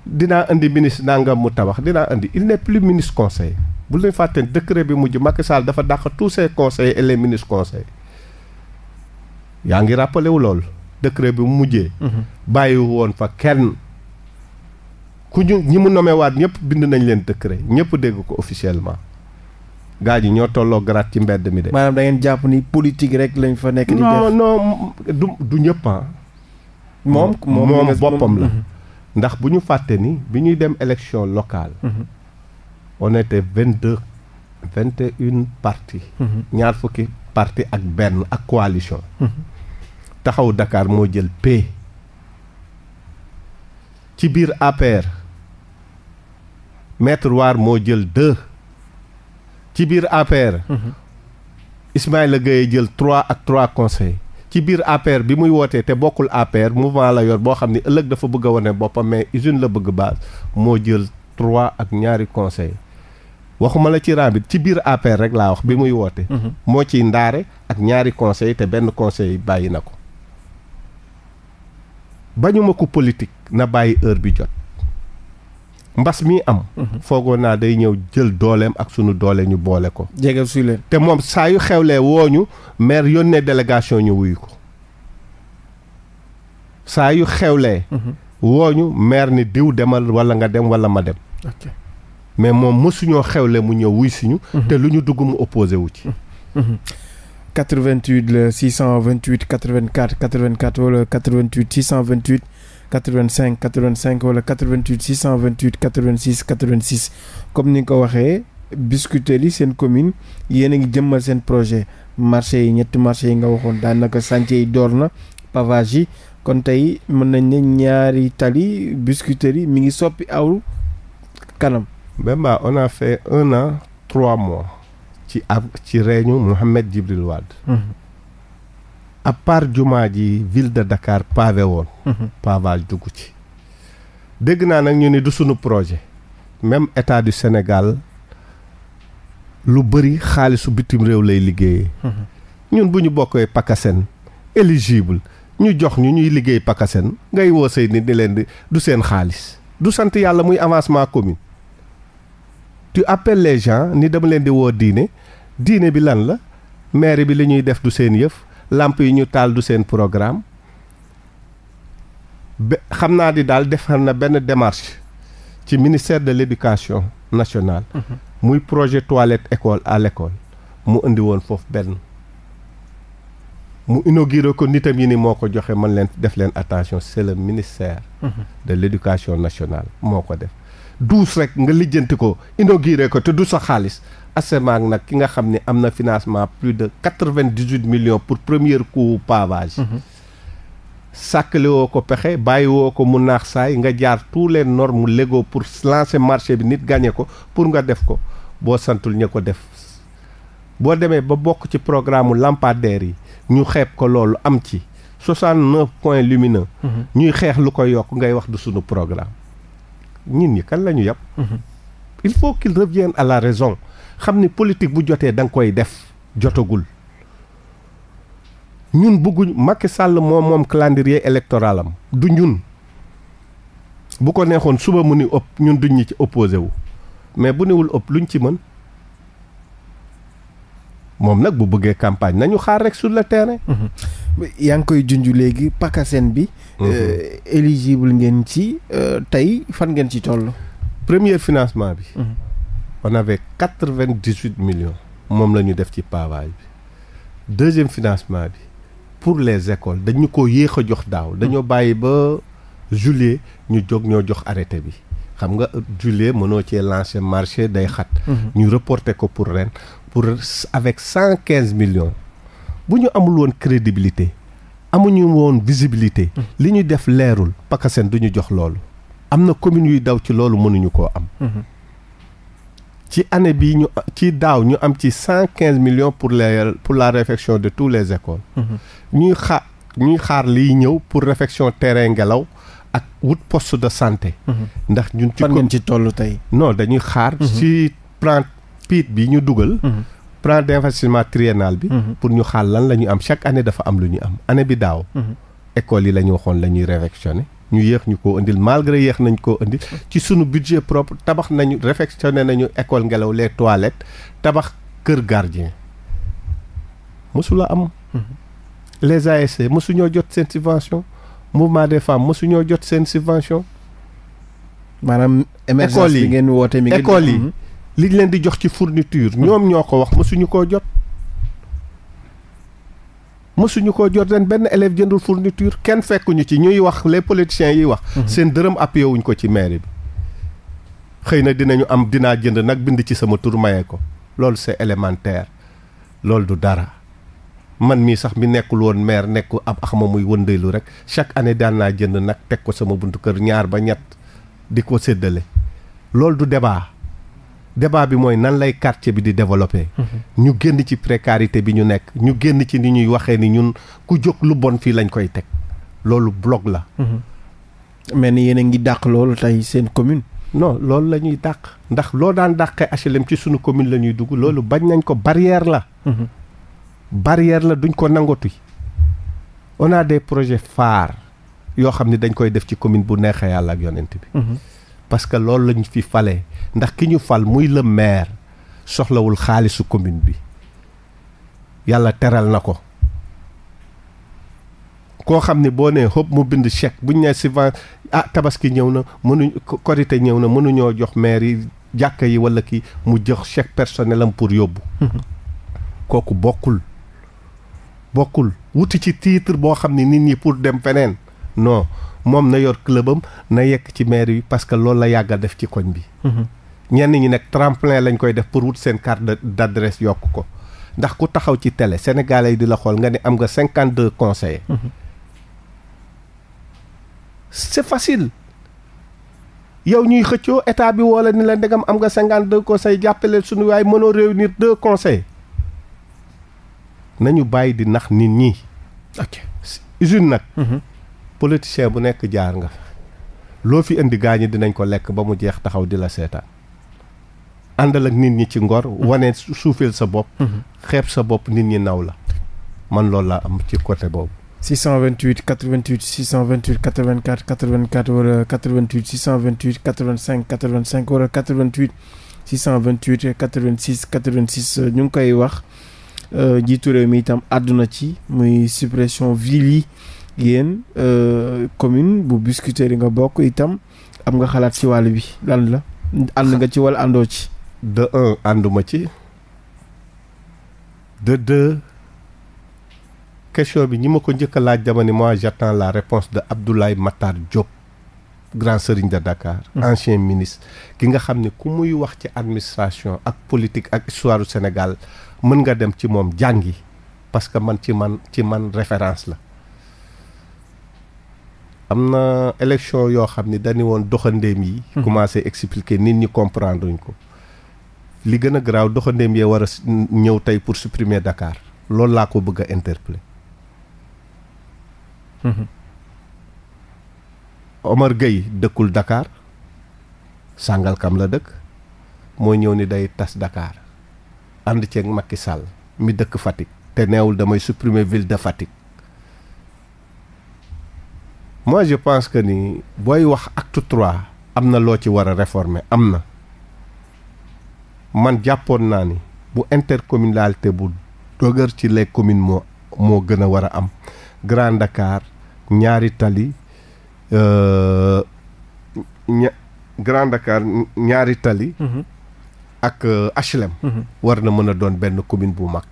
dinaa indi ministre nangam mu tabax dinaa indi il n'est plus ministre conseil. bu leen fàtteen décret bi mujj Macky Sall dafa dàq tous ses conseils et les ministres conseils yaa ngi rappelé wu lool décret bi mu mujjee. bàyyiwu woon fa kenn. ku ñu ñi mu nomewaat waat ñëpp bind nañ leen décret ñëpp dégg ko officiellement gaa ji ñoo tolloo garaat ci mbedd mi de. maanaam da jàpp ni politique rek lañu fa nekk. di def non non du du ah. moom moom boppam la. Mm-hmm. ndax bu ñu fàtte ni bi ñuy dem élection locale. Mm-hmm. on était mm-hmm. parti ak benn ak coalition. taxaw Dakar moo jël paie. ci biir APR. maître waar moo jël deux ci biir APR. Mm-hmm. la Gueye jël trois ak trois conseils ci biir APR bi muy wootee te bokkul APR mouvement la yor boo xam ne ëllëg dafa bëgg wone wane usine la bëgg base moo jël trois ak ñaari conseil waxuma la ci rambit ci biir APR rek laa wax bi muy woote. Mm-hmm. moo ciy ndaare ak ñaari conseil te benn conseil bàyyi na ko bañuma ko na bàyyi heure bi jot. mbas mi am. Mhm. foogoon naa day ñëw jël dooleem ak sunu doole ñu boole ko. jege su leen te moom saa yu xewlee woo ñu maire yónnee délégation ñu wuyu ko saa yu xewlee. Mhm. ñu maire ni diw demal wala nga dem wala ma dem. Okay. mais moom mosuñoo xewle mu ñëw wuy suñu. Mhm. te lu ñu dugg mu opposé wu ci. 88 la 628 84 84 wala 88 628. 85 85 wala 88 628 86 86 comme ni nga ko waxee Biscuiterie yi seen commune yéen a ngi jëmmal seen projet marché yi ñetti marché yi nga waxoon daanaka chantier yi door na pavage yi kon tey mën nañ ni ñaari tali Biscuiterie yi mi ngi soppi aw kanam. Bemba on a fait un an trois mois ci ab ci réunion Mouhamed Djibril ab part jumaa ji ville de Dakar pavé woon. Mhm. pavage dugg ci. dégg naa nag ñu ni du sunu projet même état du Sénégal lu bëri xaalisu bitim réew lay liggéeyee. Mhm. ñun bu ñu bokkee PACASEN éligible ñu jox ñu ñuy liggéey PACASEN ngay woo say nit ni leen di du seen xaalis. du sant yàlla muy avancement commune. ti appelles les gens ni dama leen di woo diine diine bi lan la maire bi li ñuy def du seen yëf. làmp yi ñu taal du seen programme xam naa di daal defar na benn démarche ci ministère de l'éducation nationale mhm. muy projet toilette école à l'école mu indi woon foofu benn mu inauguré ko nitam yi ni moo ko joxe man leen def leen attention c'est ministère mhm. de l'éducation nationale moo ko def douze rek nga lijjanti ko inauguré ko te du sa xaalis ASEMAC nag ki nga xam ne am na financement plus de quatre-vingt-dix-huit millions pour premier coup pavage. Mhm. sàkkale woo ko pexe bàyyiwoo ko mu naax saay nga jaar tous les normes légaux pour lancer marché bi nit gagné ko pour nga def ko boo santul ña ko def. boo demee ba bokk ci programme mu yi ñu xeep ko loolu am ci soixante-neuf points lumineux. Mhm. ñuy xeex lu ko yokk ngay wax du sunu programme. ñin ñi kan la ñu yàpp mhm. il faut qu'il revienne à la raison. xam ni politique bu jotee danga koy def jotagul ñun bëgguñ Macky Sall moom moom calendrier électoral am du ñun bu ko neexoon suba mu ni ëpp ñun duñ ñu ci opposé wu mais bu newul ëpp luñ ci mën moom nag bu bëggee campagne nañu xaar rek sur le terrain. Mm-hmm. yaa ngi koy junj léegi PACASEN bi. Mm-hmm. Euh, éligible ngeen ci euh, tey fan ngeen ci toll. premier financement bi. Mm-hmm. on quatre vingt dix huit millions moom la ñu def ci pavage bi deuxième financement bi pour les écoles dañu ko yéex a jox daaw dañoo bàyyi ba juillet ñu jóg ñoo jox arrêté bi xam nga juillet mënoo ci lancer marché day xat mhm. ñu reporter ko pour ren pour avec cent quinze millions bu ñu amul woon crédibilité amuñu woon visibilité mhm. li ñu def leerul pakaseen du ñu jox loolu am na communes yuy daw ci loolu mënuñu koo am mhm. ci année bi ñu ci daaw ñu am ci cent quinze millions pour les pour la réfection de tous les écoles. Mhm. ñuy xa ñuy xaar liy ñëw pour réfection terrain ngelaw ak wut poste de santé. Mhm. ndax ñun ci fan ci toll tey. non dañuy xaar. Mhm. ci plan piit bi ñu dugal. plan d'investissement triennal bi. pour ñu xaar lan la ñu am chaque année dafa am lu ñu am année bi daaw. école yi la ñu waxoon la ñuy réfectionner. ñu yéex ñu ko indil malgré yéex nañ koo indil ci suñu budget propre tabax nañu réfectionné nañu école ngelaw les toilettes tabax kër gardien mosula am mm-hmm. les ASC mosuñoo jot seen subvention mouvement des femmes mosuñoo jot seen subvention maanaam émergence bi ngeen woote mi ngeen école yi mm-hmm. liñ leen di jox ci fourniture ñoom ñoo ko wax mosuñu koo jot mosuñu koo jot ren benn élève jëndul fourniture kenn fekkuñu ci ñuy wax les politiciens yiy wax. Mhm. seen dërëm appuyé wuñ ko ci mairie bi. xëy na dinañu am dinaa jënd nag bind ci sama tur maye ko loolu c'est élémentaire loolu du dara man mii sax mi nekkul woon maire nekk ab axama muy wëndeelu rek chaque année daan naa jënd nag teg ko sama buntu kër ñaar ba ñett di ko séddale loolu du débat. débat bi mooy nan lay quartier bi di développer. Mhm. ñu génn ci précarité bi ñu nekk ñu génn ci ni ñuy waxee ni ñun ku jóg lu bon fii lañ koy teg loolu blog la. Mhm. mel ni yéen a ngi dàq loolu tey seen commune. non loolu la ñuy dàq ndax loo daan dàqee HLM ci sunu commune lañuy dugg loolu bañ nañ ko barrière la. Mhm. barrière la duñ ko nangatuy on a des projets phares yoo xam ne dañ koy def ci commune bu neexee yàlla ak yonent bi. parce que loolu lañ fi fale ndax ki ñu fal muy le maire soxlawul xaalisu commune bi yàlla teral na ko koo xam ne boo nee xëpp mu bind chèque buñ ne subvention ah tabaski ñëw na mënuñ korite ñëw na mënuñoo jox maire yi jàkka yi wala ki mu jox chèque personnel am pour yóbbu *laughs* kooku bokkul bokkul wuti ci titre boo xam ne nit ñi pour dem feneen non moom na yor clubam na yekk ci maire yi parce que loolu la yàggal def ci koñ bi mm-hmm. ñenn ñi nag tremplin lañ koy def pour wut seen carte d'adresse yokk ko ndax ku taxaw ci tele sénégalais yi di la xool nga ne am nga cinquante deux conseillers mhm. c'est fasil yow ñuy xëccoo état bi woo la ni la ndegam am nga cinquante deux conseillers jàppale suñu waay mënoo réunir deux conseils nañu bàyyi di nax nit ñi ok usine nag mhm. politicien bu nekk jaar nga loo fi indi gaañi dinañ ko lekk ba mu jeex taxaw di la seetaan àndal ak nit ñi ci ngor. Mhm. wane suufeel sa bopp. Mhm. xeeb sa bopp nit ñi naw la man loolu laa am ci côté boobu. 628 88 628 84 84 wala 88 628 85 85 wala 88 628 86 86 ñu ngi koy wax euh, jiitu réew mi itam àdduna ci muy suppression ville yi yéen euh, commune bu Biscuiterie yi nga bokk itam am nga xalaat ci wàll bi lan la ànd nga ci wala àndoo ci. de un ànduma ci de de question bi ñi ma ko njëkk a laaj dama ni la réponse de Abdoulaye Matar Diop grand serigne de Dakar ancien ministre ki nga xam ne ku muy wax ci administration ak politique ak histoire du Sénégal mën nga dem ci moom jàngi parce que man ci man ci man référence la am na élection yoo xam ni dañu woon doxandeem yi commencé expliquer nit ñi comprendre uñ ko li gën a garaaw doxandéem yee war a ñëw tey pour supprimer Dakar loolu laa ko bëgg a interpeller mhm. Omar Gueye dëkkul Dakar Sangalkam la dëkk moo ñëw ni day tas Dakar ànd ceeg Macky Sall mi dëkk Fatick te neewul damay supprimer ville de Fatick moi je pense que ni booy wax acte trois am na loo ci war a réformer am na man jàppoon naa ni bu intercommunalité bu dëgër ci les commune moo moo gën a war a am Grand Dakar ñaari tali euh, ña Grand Dakar ñaari tali. Mm -hmm. ak HLM. Euh, mhm. war na mën a doon benn commune bu mag.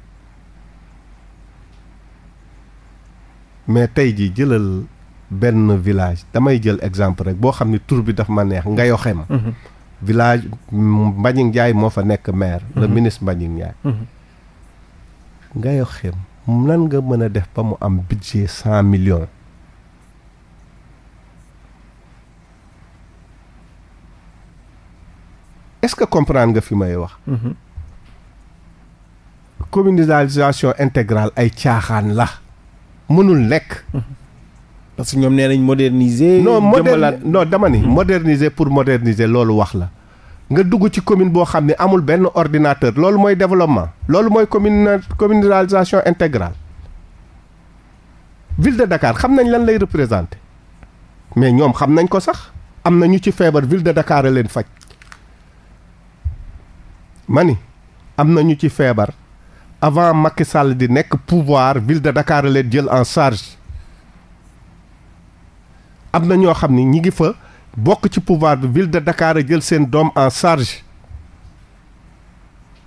mais tey jii jëlal benn village damay jël exemple rek boo xam ni tur bi daf ma neex Ngayoxem. Mm village Mbagnick moo fa nekk maire. le mhm. ministre Mbagnick Ndiaye. Mhm. ngay nan nga mën a def ba mu am budget cent million est-ce que comprendre nga fi may wax. Mhm. communalisation intégrale ay caaxaan la mënul nekk. parce que ñoom nee nañ moderniser. non moderni non dama ni. moderniser pour moderniser loolu wax la. nga dugg ci commune boo xam ne amul benn ordinateur loolu mooy développement. loolu mooy commune communalisation intégrale. ville de xam nañ lan lay représenter mais ñoom xam nañ ko sax am na ñu ci feebar ville de Dakar leen faj ma am na ci feebar avant Macky Sall di nekk pouvoir ville de Dakar a jël en charge. am na ñoo xam ni ñi ngi fa bokk ci pouvoir bi ville de Dakar a jël seen doom en charge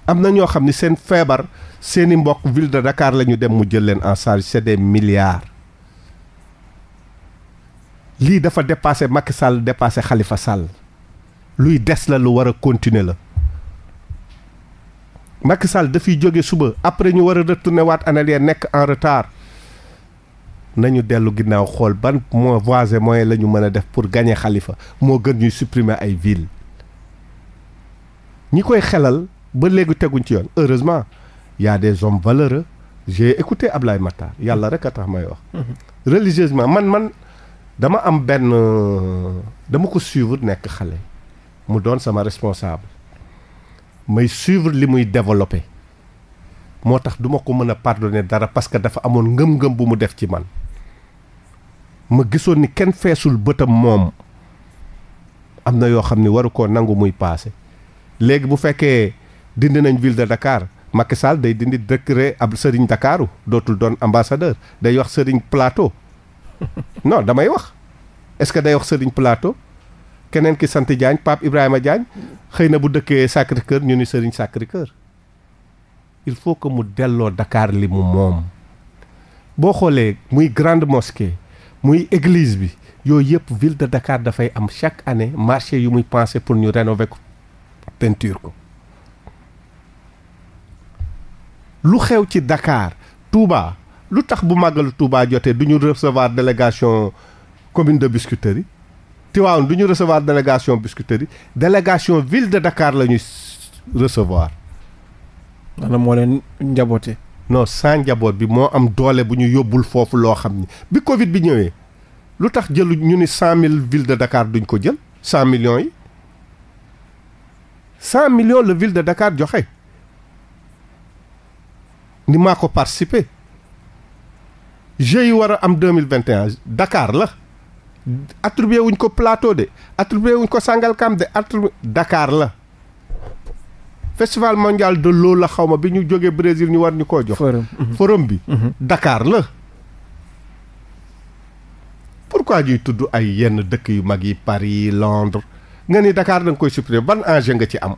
am na ñoo xam ni seen feebar seeni mbokk ville de Dakar la ñu dem mu jël leen en charge c'est des milliards lii dafa dépassé Macky Sall dépassé xalifa Sall luy des la lu war a continuer la Macky dafiy jóge suba après ñu war a retourner waat analia nekk en retard nañu dellu ginnaaw xool ban mois voies moyen la ñu mën a def pour gagner Khalifa moo gën ñuy supprimer ay ville ñi koy xelal ba léegi teguñ ci yoon heureusement y a des hommes valeureux j'ai écouté Ablaye Matar yàlla rek a tax may wax mhm. religieusement man man dama am benn dama ko suivre nekk xale mu doon sama responsable may suivre li muy développé moo tax duma ko mën a pardonner dara parce que dafa amoon ngëm-ngëm bu mu def ci man ma gisoon ni kenn feesul bëtam moom am na yoo xam ni waru ko nangu muy paase léegi bu fekkee dindi nañ ville de Dakar Macky Sall day dindi décret ab sëriñ dakaaru dootul doon ambassadeur day wax sëriñ Plateau *laughs* non damay wax est-ce que day wax sëriñ Plateau keneen ki sant Diagne Pape Ibrahima Diagne xëy na bu dëkkee Sacré-Cœur ñu ni sëriñ Sacré-Cœur il faut que mu delloo Dakar li moom boo xoolee muy grande mosquée muy église bi yooyu yëpp ville de Dakar dafay am chaque année marché yu muy pensé pour ñu rénover ko peinture ko lu xew ci Dakar Touba lu tax bu màggalu Touba jotee du ñu recevoir délégation commune de Biscuiterie Tivaouane du ñu recevoir délégation Biscuiterie délégation ville de Dakar la ñuy recevoir. maanaam moo leen njaboote non sans njaboot bi moo am doole bu ñu yóbbul foofu loo xam ni bi Covid bi ñëwee lu tax jëlu ñu ni cent mille ville de Dakar duñ ko jël cent millions yi cent millions la ville de Dakar joxe ni maa ko participer jeux yi war a am deux mille vingt et un la attribué wuñ ko plateau de attribué wuñ ko Sangalkam de attribué dakaar la. festival mondial de l'eau la xaw ma bi ñu jógee Brésil ñu war ñu koo jox. forum mm-hmm. forum bi. Mm-hmm. dakaar la. pourquoi ñuy tudd ay yenn dëkk yu mag yi Paris Londres nga ni dakaar da nga koy supprimer ban enjeu nga ci am.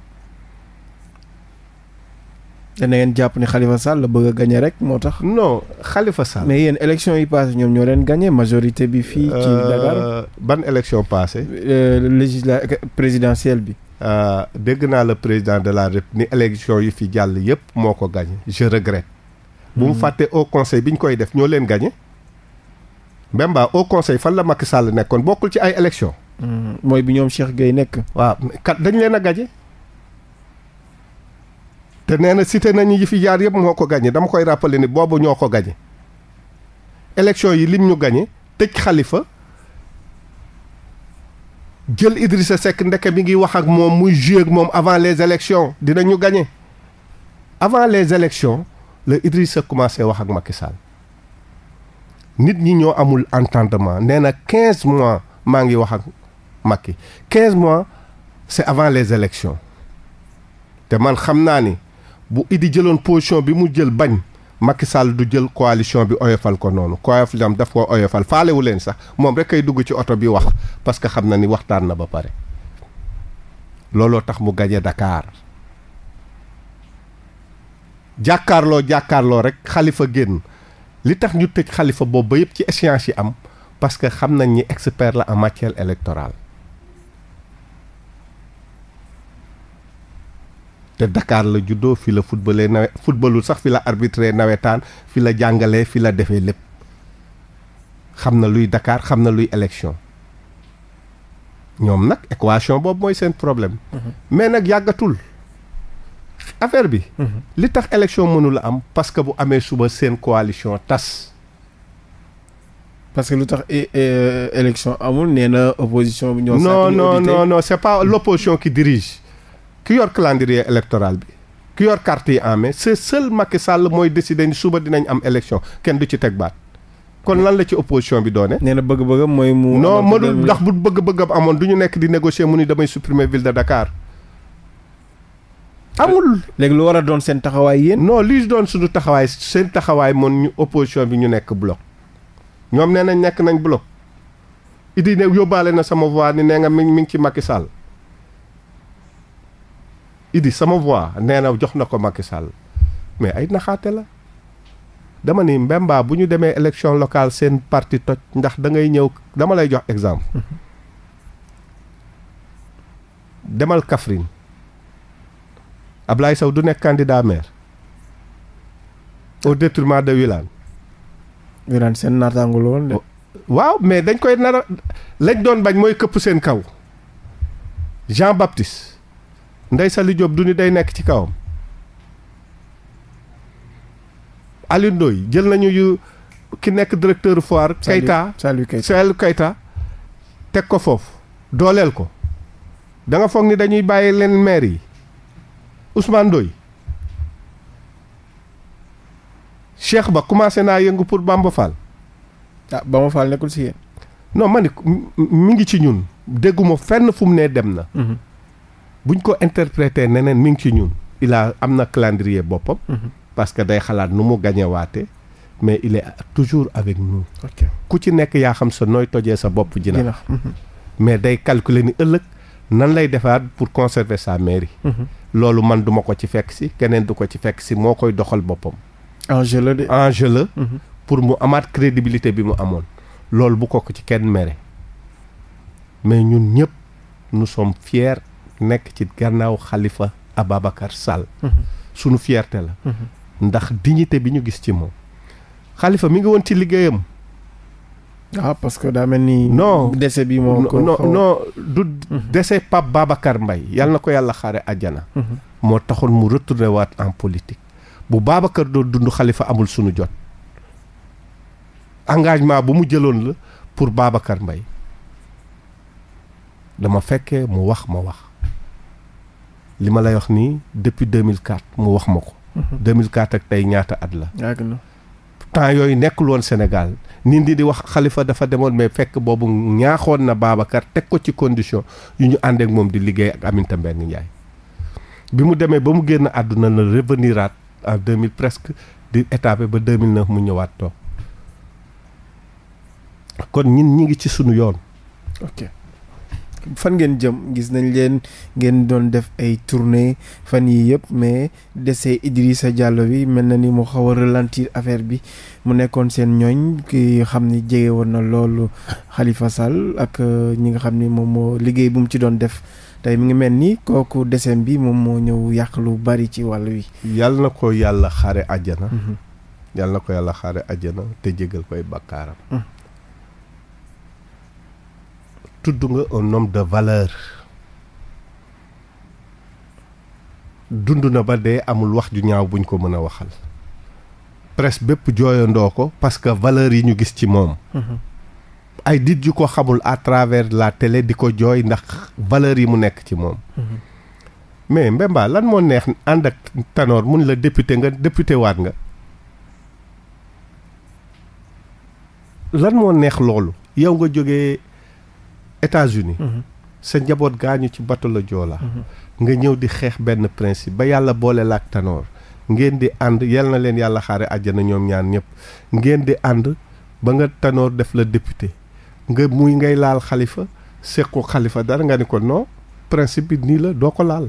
da ngeen jàpp ni Khalifa Sall la bëgg a rek moo tax. non xalifa Sall. mais yéen élection yi passé ñoom ñoo leen gagné majorité bi fii. ci euh, Dakar ban élection passé. Euh, législative présidentielle bi. Euh, dégg naa la président de la République ni élection yu fi jàll yépp moo ko gagné je regrette. bu mu hmm. fàtte o conseil bi ñu koy def ñoo leen gagné. Mbemba o conseil fan la Macky Sall nekkoon bokkul ci ay élection hmm. mooy bi ñoom Cheikh Gueye nekk. waaw kat dañ leen a gagné. te nee na cité nañu yi fi jaar yépp moo ko gagné dama koy rappeler ni boobu ñoo ko gagné. élection yi lim ñu gagné tëj xalifa. jël Idrissa Seck ndeke bi ngi wax ak moom muy joué moom avant les élections dinañu gagné avant les élections la Idrissa commencé wax ak Macky Sall nit ñi ñoo amul entendement nee na quinze mois maa ngi wax ak Macky quinze mois c'est avant les élections te man xam naa ni bu Idi jëloon position bi mu jël bañ Macky Sall du jël coalition bi oyofal ko noonu coalition daf ko oyofal faalewu leen sax moom rek kay dugg ci oto bi wax parce que xam na ni waxtaan na ba pare looloo tax mu gañe dakaar jàkkaarloo jàkkaarloo rek xalifa génn li tax ñu tëj xalifa boobu ba yëpp ci échéance yi am parce que xam nañ ni expert la en matière électorale te Dakar la juddoo fi la footballé nawe footballul sax fi la arbitré nawetaan fi la jàngalee fi la defee lépp xam na luy dakaar xam na luy élection ñoom nag équation boobu mooy seen problème. Mhm. mais nag yàggatul. affaire bi. Mhm. li tax élection mënula am parce que bu amee suba seen coalition tas. parce que lu tax élection amul nee na opposition. ñoo non non non non c'est pas l'opposition qui dirige. ki yor calendrier électoral bi ki yor carte yi en main c'est seul sàll mooy décider ni suba dinañ am élection kenn du ci teg baat kon lan la ci opposition bi doonee nee na bëgg-bëggam mooy mu. noo mënul ndax bu bëgg-bëggam amoon du ñu nekk di négocier mu ni damay supprimer ville de Dakar. amul léegi lu war a doon seen taxawaay yéen. noo li doon suñu taxawaay seen taxawaay moom ñu opposition bi ñu nekk bloc ñoom nee nañ nekk nañ bloc. Idi ne yóbbaale na sama voix ni nee nga mi ngi ci Macky Sall. Idi sama voix nee na jox na ko Macky Sall mais ay naxaate la dama ni Mbemba bu ñu demee élection locale seen parti toj ndax dangay ñëw dama lay jox exemple demal Kaffrine Ablaye Sow du nekk candidat maire au détriment de Wilane. Wilane seen naataangu la de. waaw mais dañ koy nara lañ doon bañ mooy këpp seen kaw Jean Baptiste. Ndeye Saly Diop du day nekk ci kawam Aliou jël nañu yu ki nekk directeur foire. Keita Saliou Keita teg ko foofu dooleel ko danga foog ni dañuy bàyyi leen maire yi Ousmane Ndoye Cheikh Ba commencé naa yëngu pour Bamba Fall. ah nekkul si yéen. non ma mi ngi ci ñun dégguma fenn fu mu ne dem na. Mm-hmm. buñ ko interprété neneen mi ngi ci ñun il am na calendrier boppam. Mhm. parce que day xalaat nu mu gañewaate mais il est toujours avec nous. Okay. ku ci nekk yaa xam sa nooy tojee sa bopp jina mm mais day calculer ni ëllëg nan lay defaat pour conserver sa mairie. Mm loolu man duma ko ci fekk si keneen du ko ci fekk si moo koy doxal boppam. enjeu la de enjeu la. Mhm. pour mu amaat crédibilité bi mu amoon. loolu bu ko ci kenn mere mais ñun ñëpp nous sommes fiers. nekk ci gannaaw xalifa Ababacar Sall. Mhm. sunu fierté la. Mhm. ndax dignité bi ñu gis ci moom. xalifa mi ngi woon ci liggéeyam. Ah, parce que daa mel ni. non décès bi moom. non non du mhm. décès Pape Babacar mbay yàlla na ko yàlla xaare àjjana. moo taxul mu retourné waat en politique. bu Babacar doo dund Khalifa amul sunu jot. engagement bu mu jëloon la pour Babacar mbay dama fekkee mu wax ma wax. li ma lay wax nii depuis 2004 mu wax ma ko. 2004 mhm. ak tey ñaata at la. temps yooyu nekkul woon Sénégal nit ñi di wax xalifa dafa demoon mais fekk boobu ñaaxoon na Babacar teg ko ci condition yu ñu ànd moom di liggéey ak Aminata Mbengue Ndiaye. bi mu demee ba mu génn àdduna la reveniraat en 2000 presque di étapé ba 2009 mu ñëwaat toog kon ñun ñi ngi ci sunu yoon. fan ngeen jëm gis nañ leen ngeen doon def ay tournée fan yii yëpp mais dese sa Diallo bi mel na ni mu xaw a ralentir affaire bi mu nekkoon seen ñooñ ki xam ni jege woon na loolu xalifa Sall ak euh, ñi nga xam ni moom moo liggéey bu mu ci doon def tey mu ngi mel ni kooku desem bi moom moo ñëw yàq lu bari ci wàll wi. yàlla na ko yàlla xaare àjjana. Mhm. yàlla ko yàlla xaare àjjana te jegal koy bakkaaram. Mhm. tudd nga de valeur dund na ba dee amul wax ju ñaaw buñ ko mën a waxal presse bépp jooyandoo ko parce que valeur yi ñu gis ci moom mhm. ay dit yu ko xamul à travers la télé di ko jooy ndax valeur yi mu nekk ci moom mhm. mais Mbemba lan moo neex ànd ak Tanor mun la député nga député waat nga lan moo neex loolu États-Unis mhm. sa njaboot gaañu ci bato la Joola mhm. nga ñëw di xeex benn principe ba yàlla boole laak tanoor ngeen di ànd yal na leen yàlla xaare àjjana ñoom ñaan ñëpp ngeen di ànd ba nga tanoor def la député nga muy ngay laal xalifa seq ko xalifa dara nga ni ko non principe bi nii la doo ko laal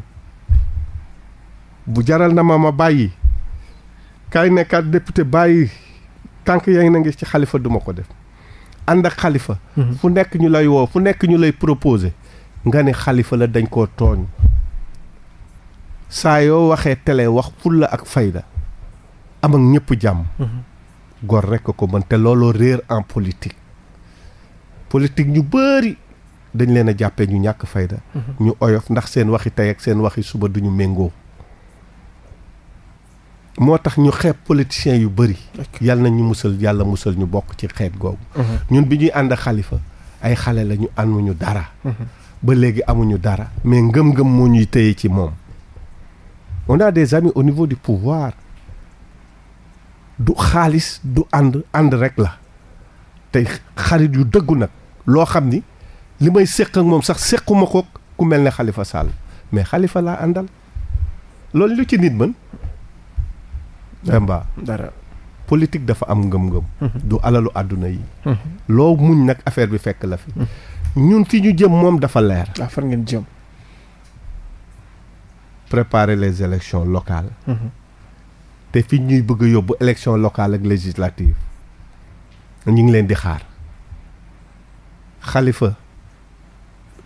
bu jaral na ma ma bàyyi kaay nekkaat député bàyyi tànk yaa ngi na ngi ci xalifa duma ko def ànd ak xalifa. Mhm. fu nekk ñu lay woo fu nekk ñu lay proposé nga ne xalifa la dañ koo tooñ saa yoo waxee télé wax fulla ak fayda am ak ñëpp jàmm. Mhm. gor rek ko mën te looloo réer en politique. politique ñu bëri dañ leen a jàppee ñu ñàkk fayda. Mhm. ñu oyof ndax seen waxi tey ak seen waxi suba duñu méngoo. moo tax ñu xeeb politiciens yu bari yàlla na ñu musal yàlla musal ñu bokk ci xeet googu. Mhm. ñun bi ñuy ànd xalifa ay xale lañu ñu amuñu dara. Mhm. ba léegi amuñu dara. mais ngëm-ngëm moo ñuy téye ci moom. on naa des amis au niveau du pouvoir du xaalis du ànd ànd rek la te xarit yu dëggu nag loo xam ni li may séq ak moom sax séquma ko ku mel ni xalifa Sall mais xalifa laa àndal loolu lu ci nit mën. Mbaa dara politique dafa am ngëm-ngëm. Mhm. du alalu àdduna yi. Mhm. loo muñ nag affaire bi fekk la fi. Mhm. ñun fi ñu jëm moom dafa leer. ah ngeen jëm. préparer les élections locales. te fi ñuy bëgg yóbbu élection locale ak législative ñu ngi leen di xaar xalifa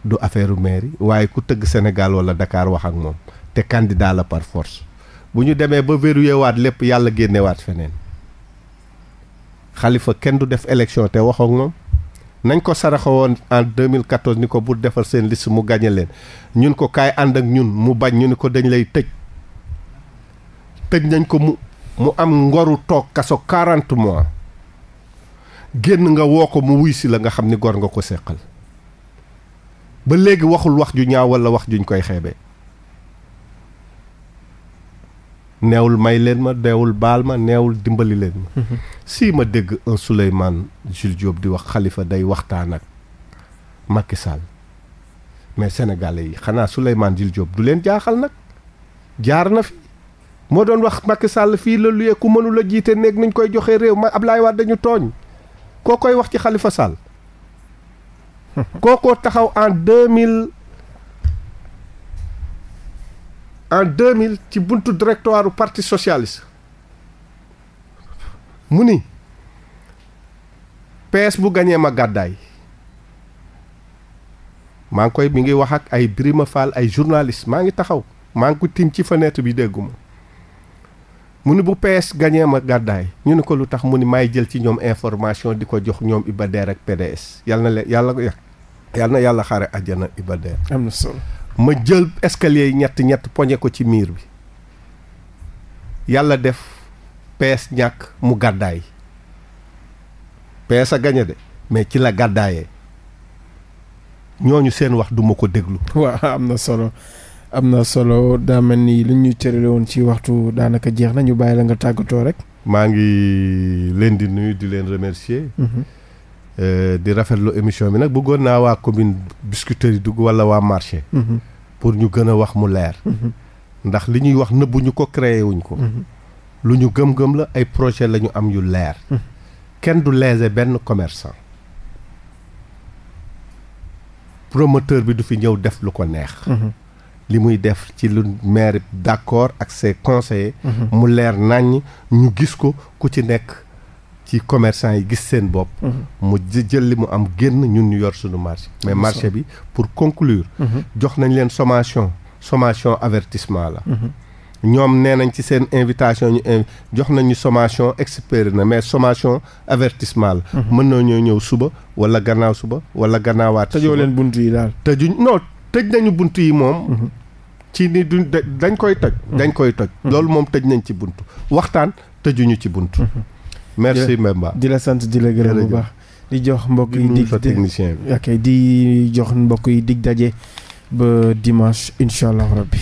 du affaire mairie waaye ku tëgg Sénégal wala Dakar wax ak moom te candidat la par force. bu ñu demee ba verrouillé lépp yàlla génnewaat feneen xalifa kenn du def élection te waxoo ak moom nañ ko saraxa woon en 2014 ni ko bu defal seen liste mu gàññe leen ñun ko kaay ànd ak ñun mu bañ ñu ni ko dañ lay tëj tëj nañ ko mu mu am ngoru toog kaso 40 mois génn nga woo ko mu wuy si la nga xam ni gor nga ko seqal ba léegi waxul wax ju ñaaw walla wax juñ koy xeebee neewul may leen ma deewul baal ma neewul dimbali leen ma mhm. si ma dégg un Souleymane Jules Diop di wax xalifa day waxtaan ak Macky Sall mais sénégalais yi xanaa Souleymane Jules Diop du leen jaaxal nag jaar na fi moo doon wax Macky sàll fii la luyee ku mënul a jiite néeg nuñ koy joxee réew ma ab laay Wade dañu tooñ koo koy wax ci Khalifa Sall kookoo *laughs* taxaw en en 2000 ci buntu directoire du parti mu ni pees bu gañee ma gàddaay maa ngi koy mi ngi wax ak ay Birima Fall ay journaliste maa ngi taxaw maa ngi ko tiim ci fenêtre bi dégguma mu ni bu pees gañee ma gàddaay ñu ne ko lu tax mu ni maay jël ci ñoom information di ko jox ñoom Iba Der ak PDS yal na leen yàlla yal na yàlla xaare àjjana Iba Der am na ma jël escalier ñett ñett poñe ko ci miir bi yàlla def pees ñàkk mu gàddaay pees a gañe de mais ci la gàddaayee ñooñu seen wax duma ko déglu waaw am na solo am na solo daa mel ni li ñu cërale woon ci waxtu daanaka jeex na ñu bàyyi la nga tàggatoo rek maa ngi leen di nuyu di leen remercier mm-hmm. Euh, di rafetlu émission bi nag bëggoon naa waa commune Biscuiterie yi dugg wala waa marché. Mhm. pour ñu gën a wax mu leer. Mhm. ndax li ñuy wax nëbbu ñu ko créé wuñ ko. Mhm. lu ñu gëm-gëm la ay projet la ñu am yu leer. kenn du léser benn commerçant. promoteur bi du fi ñëw def lu ko neex. li muy def ci lu maire d'accord ak ses conseillers. mu leer naññ ñu gis ko ku ci nekk. ci commerçant yi gis seen bopp. Mhm. mu jël li mu am génn ñun ñu yor suñu marché. mais marché bi pour conclure. Mhm. jox nañ leen sommation sommation avertissement la. Mhm. nee nañ ci seen invitation ñu jox nañu sommation expéri na mais sommation avertissement la. mën na ñoo ñëw suba wala gannaaw suba wala gannaawaat. tëjoo leen bunt yi daal. tëjuñ non tëj nañu bunt yi moom. ci ni duñ dañ koy toj. dañ koy toj. loolu moom tëj nañ ci bunt waxtaan tëjuñu ci bunt. merci Mbemba di la sant di la gërëm bu baax. di jox mbokk yi dig technicien bi ok di jox mbokk yi dig daje ba dimanche incha allah rabbi